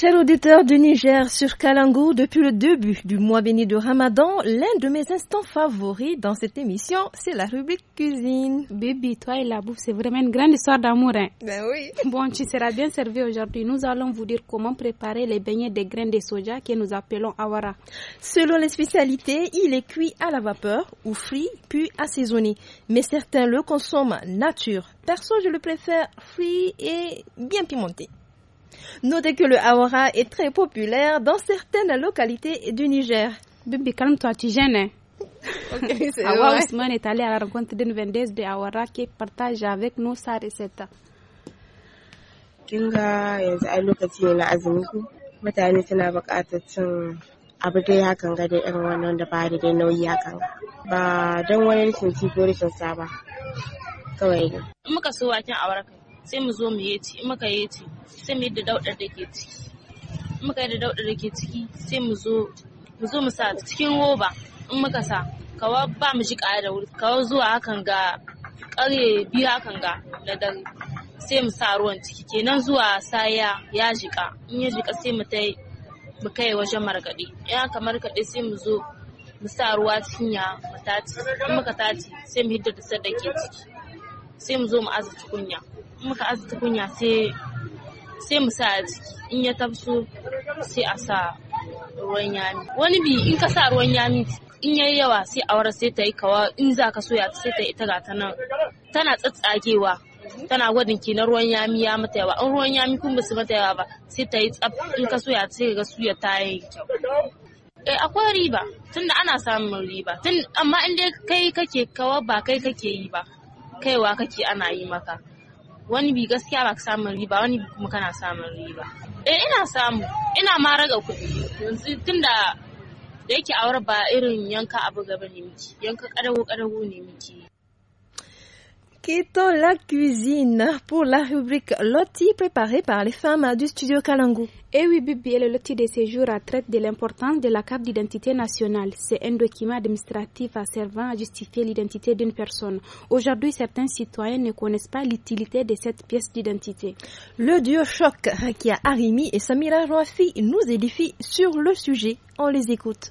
Chers auditeurs du Niger sur Kalango, depuis le début du mois béni de Ramadan, l'un de mes instants favoris dans cette émission, c'est la rubrique cuisine. Baby, toi et la bouffe, c'est vraiment une grande histoire d'amour. Hein? Ben oui. <laughs> Bon, tu seras bien servi aujourd'hui. Nous allons vous dire comment préparer les beignets de graines de soja que nous appelons awara. Selon les spécialités, il est cuit à la vapeur ou frit puis assaisonné. Mais certains le consomment nature. Perso, je le préfère frit et bien pimenté. Notez que le awara est très populaire dans certaines localités du Niger. Bibi, calme-toi, tu gênes. Hein. <laughs> Okay, <laughs> Awa vrai. Ousmane est allé à la rencontre d'une vendeuse de Awara qui partage avec nous sa recette. kin yanzu ai lokaci ne na azumi mutane suna buƙatar abu dai hakan ga dai irin wannan da ba da dai nauyi hakan ba don wani rashin ci ko rashin sa ba kawai ne muka so waken sai mu zo mu yi in muka ci sai mu yi da daudar da ke ciki in muka yi da daudar da ke ciki sai mu zo mu zo mu sa cikin roba in muka sa kawa ba mu jiƙa da wuri kawa zuwa hakan ga ƙarye biyu hakan ga na dare sai mu sa ruwan ciki kenan zuwa saya ya jiƙa in ya jiƙa sai mu tai mu kai wajen markaɗe Ya kamar kaɗe sai mu zo mu sa ruwa cikin ya mu tace in muka tace sai mu hidda da sadda ke ciki sai mu zo mu aza tukunya in muka aza tukunya sai sai mu sa a ciki in ya tafso sai a sa ruwan yami wani bi in ka sa ruwan yami in yayi yawa sai wara sai ta yi kawa in za ka soya sai ta yi ta gata nan tana tsatsagewa tana gwadin ki na ruwan yami ya mata yawa in ruwan yami kun basu mata yawa ba sai ta yi tsaf in ka soya sai ga suya ta yi kyau eh akwai riba tunda ana samun riba tun amma in dai kai kake kawa ba kai kake yi ba kaiwa kake ana yi maka wani bi gaskiya ba samun riba wani bi kuma kana samun riba eh ina samu ina ma raga kuɗi yanzu tunda da yake aure ba irin yanka abu gaba ne miki yanka ƙadago ƙadago ne miki que la cuisine pour la rubrique Loti préparée par les femmes du studio Kalangu. Eh oui, Bibi, le loti de séjour traite de l'importance de la carte d'identité nationale. C'est un document administratif servant à justifier l'identité d'une personne. Aujourd'hui, certains citoyens ne connaissent pas l'utilité de cette pièce d'identité. Le duo choc qui a Arimi et Samira Roafi nous édifie sur le sujet. On les écoute.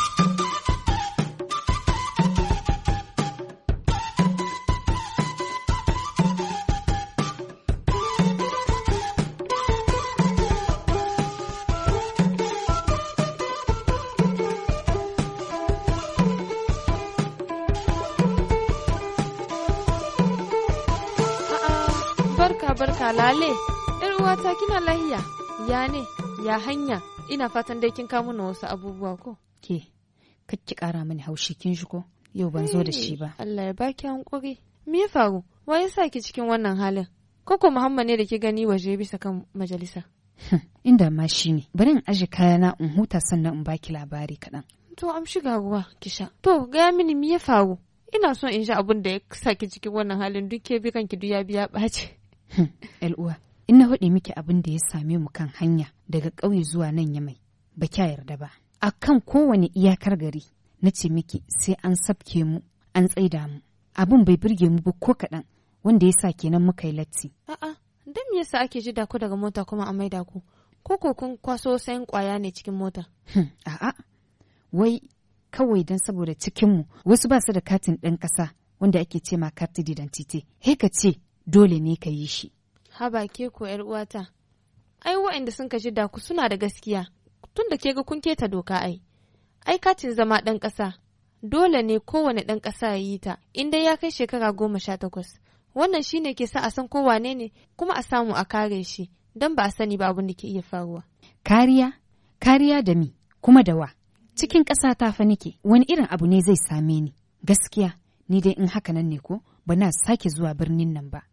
lale yar uwata kina lahiya ya ne ya hanya ina fatan dai kin kawo mana wasu abubuwa ko ke ki kara mani haushi kin shi yau ban zo da shi ba eh, Allah ya baki hankuri me ya faru wa ya sa ki cikin wannan halin koko Muhammad ne da ki gani waje bisa kan majalisa inda ma shi ne bari in aje kayana in huta sannan in baki labari kaɗan to am shiga ruwa ki sha to ga mini me ya faru ina son in sha abin da ya saki cikin wannan halin duk ke bi kanki duk ya biya ɓaci Hm, uwa in na faɗi miki abin da ya same mu kan hanya daga ƙauye zuwa nan yamai ba kya yarda ba a kan kowane iyakar gari na ce miki sai an sabke mu an tsaida mu abin bai birge mu ba ko kaɗan wanda ya sa kenan muka yi latti. A'a, don me yasa ake ji ku daga mota kuma a mai ku? Ko ko kun kwaso sayan kwaya ne cikin mota? Hm, a'a, wai kawai don saboda cikinmu wasu ba su da katin ɗan ƙasa wanda ake ce ma karti didantite. He ka ce dole ne ka yi shi haba ke ko yar uwata ai waɗanda sun kashi da ku suna da gaskiya tun da ke ga kun keta doka ai ai katin zama ɗan ƙasa dole ne kowane ɗan ƙasa ya yi ta in dai ya kai shekara goma sha takwas wannan shi ne ke sa a san ko wane ne kuma a samu a kare shi don ba a sani ba abin da ke iya faruwa kariya kariya da mi kuma da wa cikin ƙasa ta fa nake wani irin abu ne zai same ni gaskiya ni dai in haka nan ne ko ba na sake zuwa birnin nan ba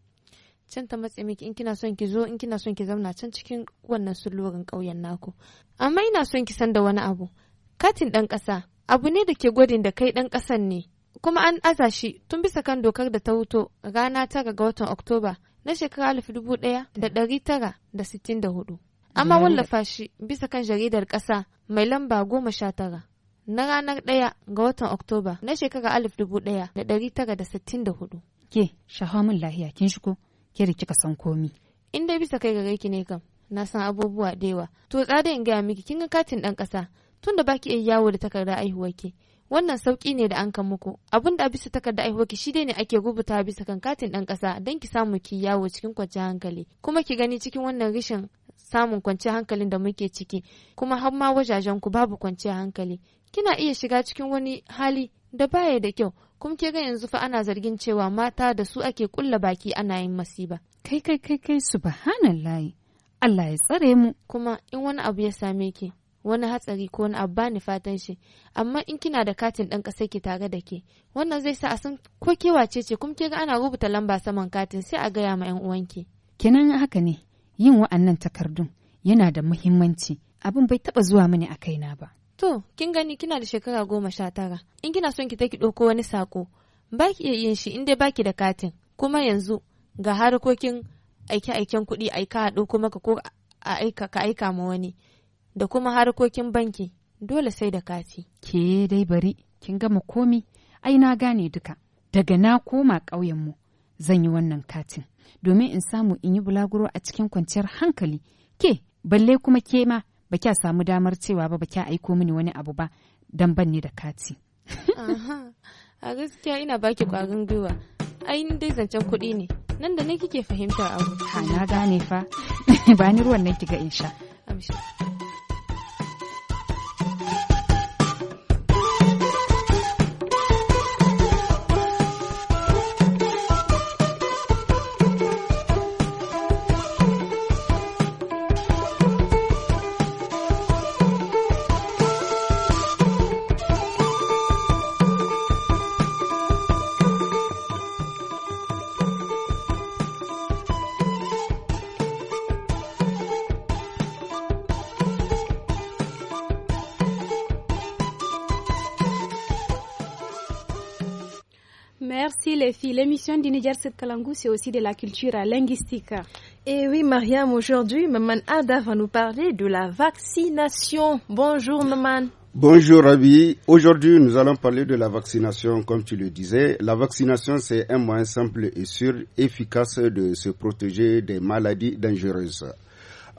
can ta matse miki in kina son ki zo in kina son ki zauna can cikin wannan sulurin ƙauyen naku amma ina son ki san da wani abu katin ɗan ƙasa abu ne da ke gwadin da kai ɗan ƙasan ne kuma an aza shi tun bisa kan dokar da ta wuto rana tara ga watan oktoba na shekara alif dubu ɗaya da ɗari tara da sittin da hudu amma wallafa shi bisa kan jaridar ƙasa mai lamba goma sha tara na ranar ɗaya ga watan oktoba na shekara alif dubu ɗaya da ɗari tara da sittin da hudu ke shahamun lahiya kin shigo kiri kika san komi in dai bisa kai ga ki ne kam na san abubuwa da yawa to tsada in gaya miki kin ga katin dan kasa tun da baki iya yawo da takarda aihuwar ke. wannan sauki ne da an kan muku abun da bisa takarda aihuwar ki shi ne ake rubuta bisa kan katin dan kasa don ki samu ki yawo cikin kwanciyar hankali kuma ki gani cikin wannan rashin samun kwanciyar hankalin da muke ciki kuma har ma wajajen ku babu kwanciyar hankali kina iya shiga cikin wani hali da baya da kyau kuma ke ga yanzu fa ana zargin cewa mata da su ake kulla baki ana yin masiba kai kai kai kai layi. Allah ya tsare mu kuma in wani abu ya same ki wani hatsari ko wani abu bani fatan shi amma in kina da katin ɗan ƙasar ki tare da ke wannan zai sa a san ko ke wace ce kuma ke ga ana rubuta lamba saman katin sai a gaya ma 'yan uwanki kenan haka ne yin wa'annan takardun yana da muhimmanci abin bai taɓa zuwa mini a kaina ba To, kin gani kina da shekara goma sha tara. In kina son ki ta ki ɗauko wani saƙo ba ki iya yin shi in dai ba ki da katin. Kuma yanzu ga harkokin aike-aiken kuɗi aika a ɗauko maka ko a aika ka aika ma wani. Da kuma harkokin banki dole sai da kati. Ke dai bari, kin gama komi, ai na gane duka. Daga na koma ƙauyenmu zan yi wannan katin. Domin in samu in yi bulaguro a cikin kwanciyar hankali. Ke, balle kuma ke ma ba kya samu damar cewa ba ba kya aiko mini wani abu ba dan ban ni da kati a gaskiya ina baki kwarin gwiwa ai dai zancen kuɗi ne nan da ne kike fahimtar abu ha na gane fa <laughs> ba ni ruwan nan kiga in amshi Merci les filles. L'émission du Niger c'est aussi de la culture linguistique. Et oui, Mariam, aujourd'hui, Maman Ada va nous parler de la vaccination. Bonjour, Maman. Bonjour Rabi. Aujourd'hui, nous allons parler de la vaccination, comme tu le disais. La vaccination, c'est un moyen simple et sûr, efficace de se protéger des maladies dangereuses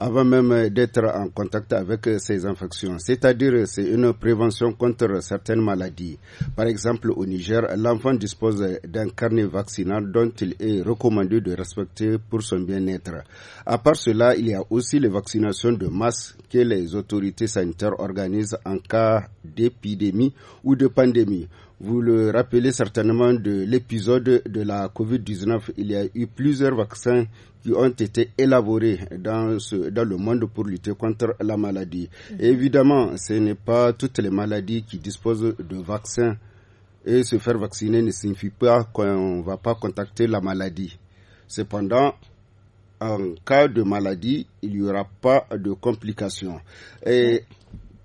avant même d'être en contact avec euh, ces infections. C'est-à-dire, euh, c'est une prévention contre certaines maladies. Par exemple, au Niger, l'enfant dispose d'un carnet vaccinal dont il est recommandé de respecter pour son bien-être. À part cela, il y a aussi les vaccinations de masse que les autorités sanitaires organisent en cas d'épidémie ou de pandémie. Vous le rappelez certainement de l'épisode de la COVID-19, il y a eu plusieurs vaccins qui ont été élaborés dans, dans le monde pour lutter contre la maladie. Mhm. évidemment, ce n'est pas toutes les maladies qui disposent de vaccins. Et se faire vacciner ne signifie pas qu'on ne va pas contacter la maladie. Cependant, en cas de maladie, il n'y aura pas de complications. Et mhm.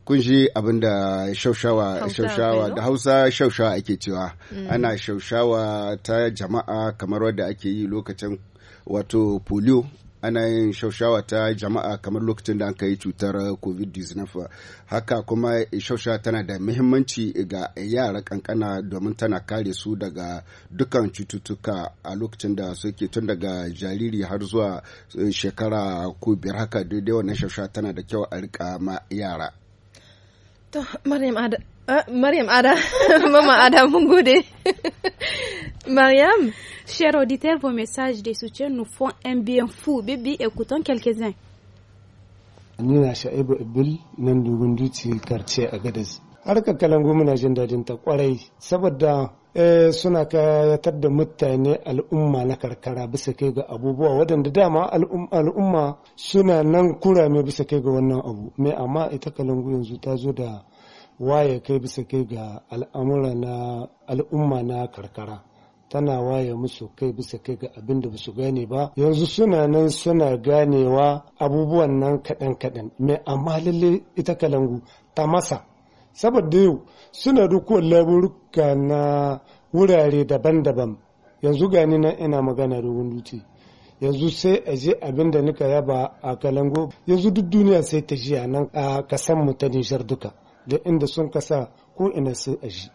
kun shi abin da shaushawa shaushawa da hausa shaushawa ake cewa mm. ana shaushawa ta jama'a kamar wadda ake yi lokacin wato polio ana yin shaushawa ta jama'a kamar lokacin da aka yi cutar covid-19 haka kuma shaushawa tana da muhimmanci ga yara kankana domin tana kare su daga dukkan cututtuka a lokacin da suke tun daga jariri har zuwa shekara ko biyar haka daidai wannan shaushawa tana da kyau a rika ma yara To, Maryam Ada, uh, Maryam Ada, <laughs> Mama Ada, <laughs> Mariam. Chers auditeurs, vos messages de soutien nous font un bien fou. Bibi, écoutons quelques-uns. Nuna Sha'ibu Ibil a Gadez. Harkar kalangu muna jin dadin ta kwarai saboda Eh, suna kayatar da mutane al'umma na karkara bisa kai ga abubuwa waɗanda dama al'umma suna nan kura mai bisa kai ga wannan abu mai amma ita kalangu yanzu ta zo da waye kai bisa kai ga al'amura na al'umma na karkara tana waye musu kai bisa kai ga abin da su gane ba yanzu suna nan suna ganewa abubuwan nan kaɗan-kaɗan mai amma lalle ita kalangu ta masa saboda yau suna rukuwar laburuka na wurare daban-daban yanzu gani nan ina magana da wunduti yanzu sai a je abin da nika yaba a kalango yanzu duk duniya sai ta ji a nan a kasan mu ta nishar duka da inda sun kasa ko ina sai a ji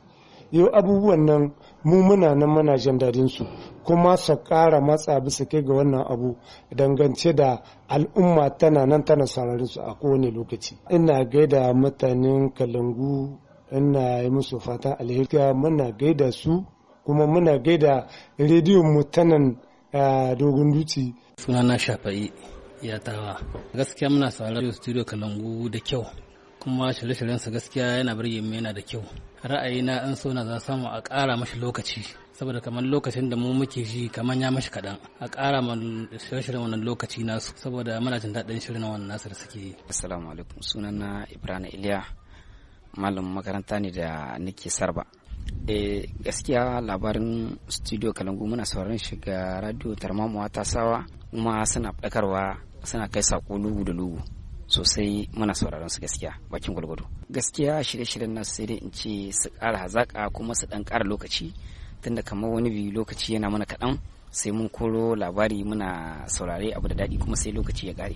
yau abubuwan nan mu muna nan mana jin dadin su kuma su kara matsa bisa kai ga wannan abu dangance da al'umma tana nan tana sararin su a kowane lokaci ina gaida mutanen kalangu ina yi musu fatan alheri muna gaida su kuma muna gaida rediyon mutanen tanan dogon duci sunana shafa'i ya tawa gaskiya muna sauraron studio kalangu da kyau kuma shirye-shiryensa gaskiya yana birge mu yana da kyau ra'ayina an so na za samu a ƙara mashi lokaci saboda kamar lokacin da mu muke ji kamar ya mashi kaɗan a ƙara ma shirye-shiryen wannan lokaci nasu saboda muna jin daɗin shirin wannan nasu da suke yi assalamu alaikum na ibrahim iliya malam makaranta ne da nake sarba e gaskiya labarin studio kalangu muna sauraron shiga radio tarmamuwa ta sawa kuma suna bakarwa suna kai saƙo lugu da lugu sosai muna sauraron su gaskiya bakin gwalgwado gaskiya shirye-shiryen nasu sai dai in ce su ƙara hazaƙa kuma su ɗan ƙara lokaci tunda kamar wani biyu lokaci yana mana kaɗan sai mun koro labari muna saurare abu da daɗi kuma sai lokaci ya ƙare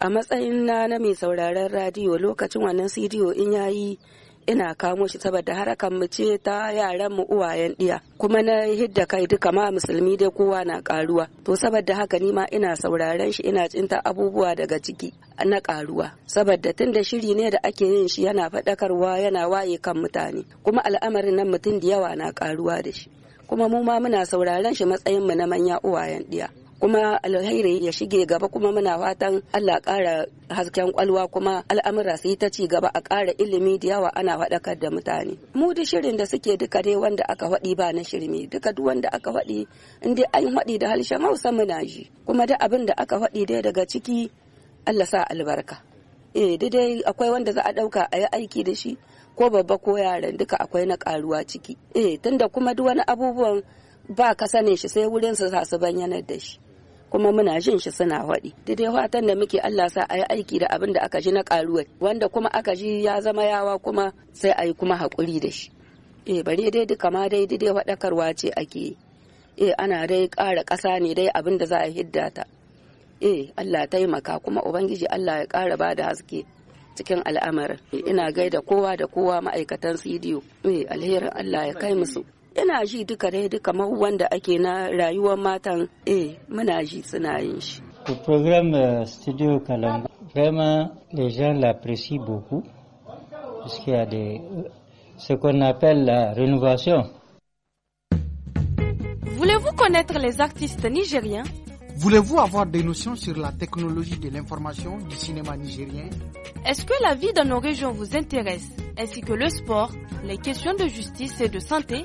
a matsayin na na mai sauraren radiyo lokacin wannan cdo in yayi ina kamo shi saboda harakan mu ce ta yaran mu uwayen diya kuma na hidda kai duka ma musulmi dai kowa na karuwa to saboda haka ni ma ina sauraren shi ina cinta abubuwa daga ciki na karuwa saboda tunda shiri ne da ake yin shi yana faɗakarwa yana waye kan mutane kuma al'amarin nan mutum da yawa na karuwa da shi kuma mu ma muna sauraren shi matsayin mu na manya uwayen diya kuma alheri ya shige gaba kuma muna fatan Allah kara hasken kwalwa kuma al'amura su yi ta ci gaba a kara ilimi da yawa ana faɗakar da mutane mu da shirin da suke duka dai wanda aka faɗi ba na shirme duka duk wanda aka faɗi inda an faɗi da harshen Hausa muna ji kuma da abin da aka faɗi dai daga ciki Allah sa albarka eh dai akwai wanda za a ɗauka a yi aiki da shi ko babba ko yaran duka akwai na karuwa ciki eh tunda kuma duk wani abubuwan ba ka sanin shi sai wurin su su banyana da shi kuma muna jin shi suna haɗi daidai fatan da muke Allah sa a yi aiki da abin da aka ji na karuwa wanda kuma aka ji ya zama yawa kuma sai a yi kuma haƙuri da shi eh bare dai duka ma dai daidai faɗakarwa ce ake yi eh ana dai ƙara ƙasa ne dai abin da za a hidda ta eh Allah taimaka kuma ubangiji Allah ya ƙara ba da haske cikin al'amarin ina gaida kowa da kowa ma'aikatan cdo eh alherin Allah ya kai musu wanda eh, Le programme euh, Studio Kalanga, vraiment, les gens l'apprécient beaucoup, puisqu'il y a euh, ce qu'on appelle la rénovation. Voulez-vous connaître les artistes nigériens Voulez-vous avoir des notions sur la technologie de l'information du cinéma nigérien Est-ce que la vie dans nos régions vous intéresse, ainsi que le sport, les questions de justice et de santé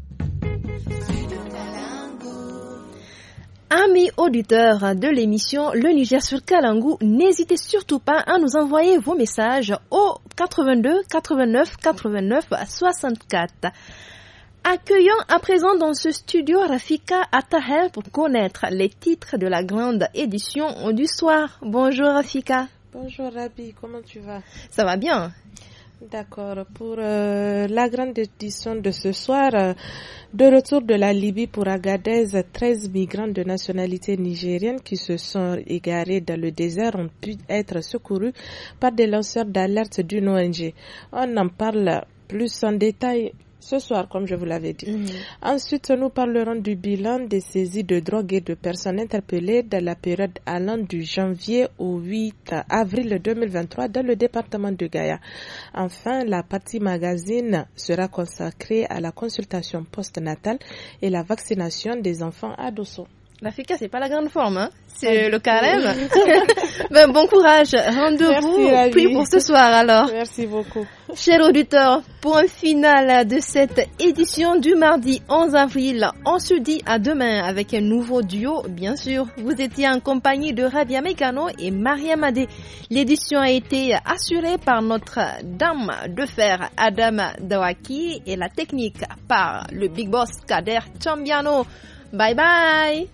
Amis auditeurs de l'émission Le Niger sur Kalangou, n'hésitez surtout pas à nous envoyer vos messages au 82 89 89 64. Accueillons à présent dans ce studio Rafika Atahel pour connaître les titres de la grande édition du soir. Bonjour Rafika. Bonjour Rabi, comment tu vas Ça va bien. D'accord. Pour euh, la grande édition de ce soir, euh, de retour de la Libye pour Agadez, 13 migrants de nationalité nigérienne qui se sont égarés dans le désert ont pu être secourus par des lanceurs d'alerte d'une ONG. On en parle plus en détail ce soir, comme je vous l'avais dit. Mm. Ensuite, nous parlerons du bilan des saisies de drogue et de personnes interpellées dans la période allant du janvier au 8 avril 2023 dans le département de Gaïa. Enfin, la partie magazine sera consacrée à la consultation post-natale et la vaccination des enfants adossaux. La FECA, c'est pas la grande forme, hein. c'est le carême. <laughs> Ben, bon courage, rendez-vous pour ce soir alors. Merci beaucoup. Chers auditeurs, pour final de cette édition du mardi 11 avril, on se dit à demain avec un nouveau duo, bien sûr. Vous étiez en compagnie de Rabia Mekano et Maria Madé. L'édition a été assurée par notre dame de fer Adam Dawaki et la technique par le big boss Kader Chambiano. Bye bye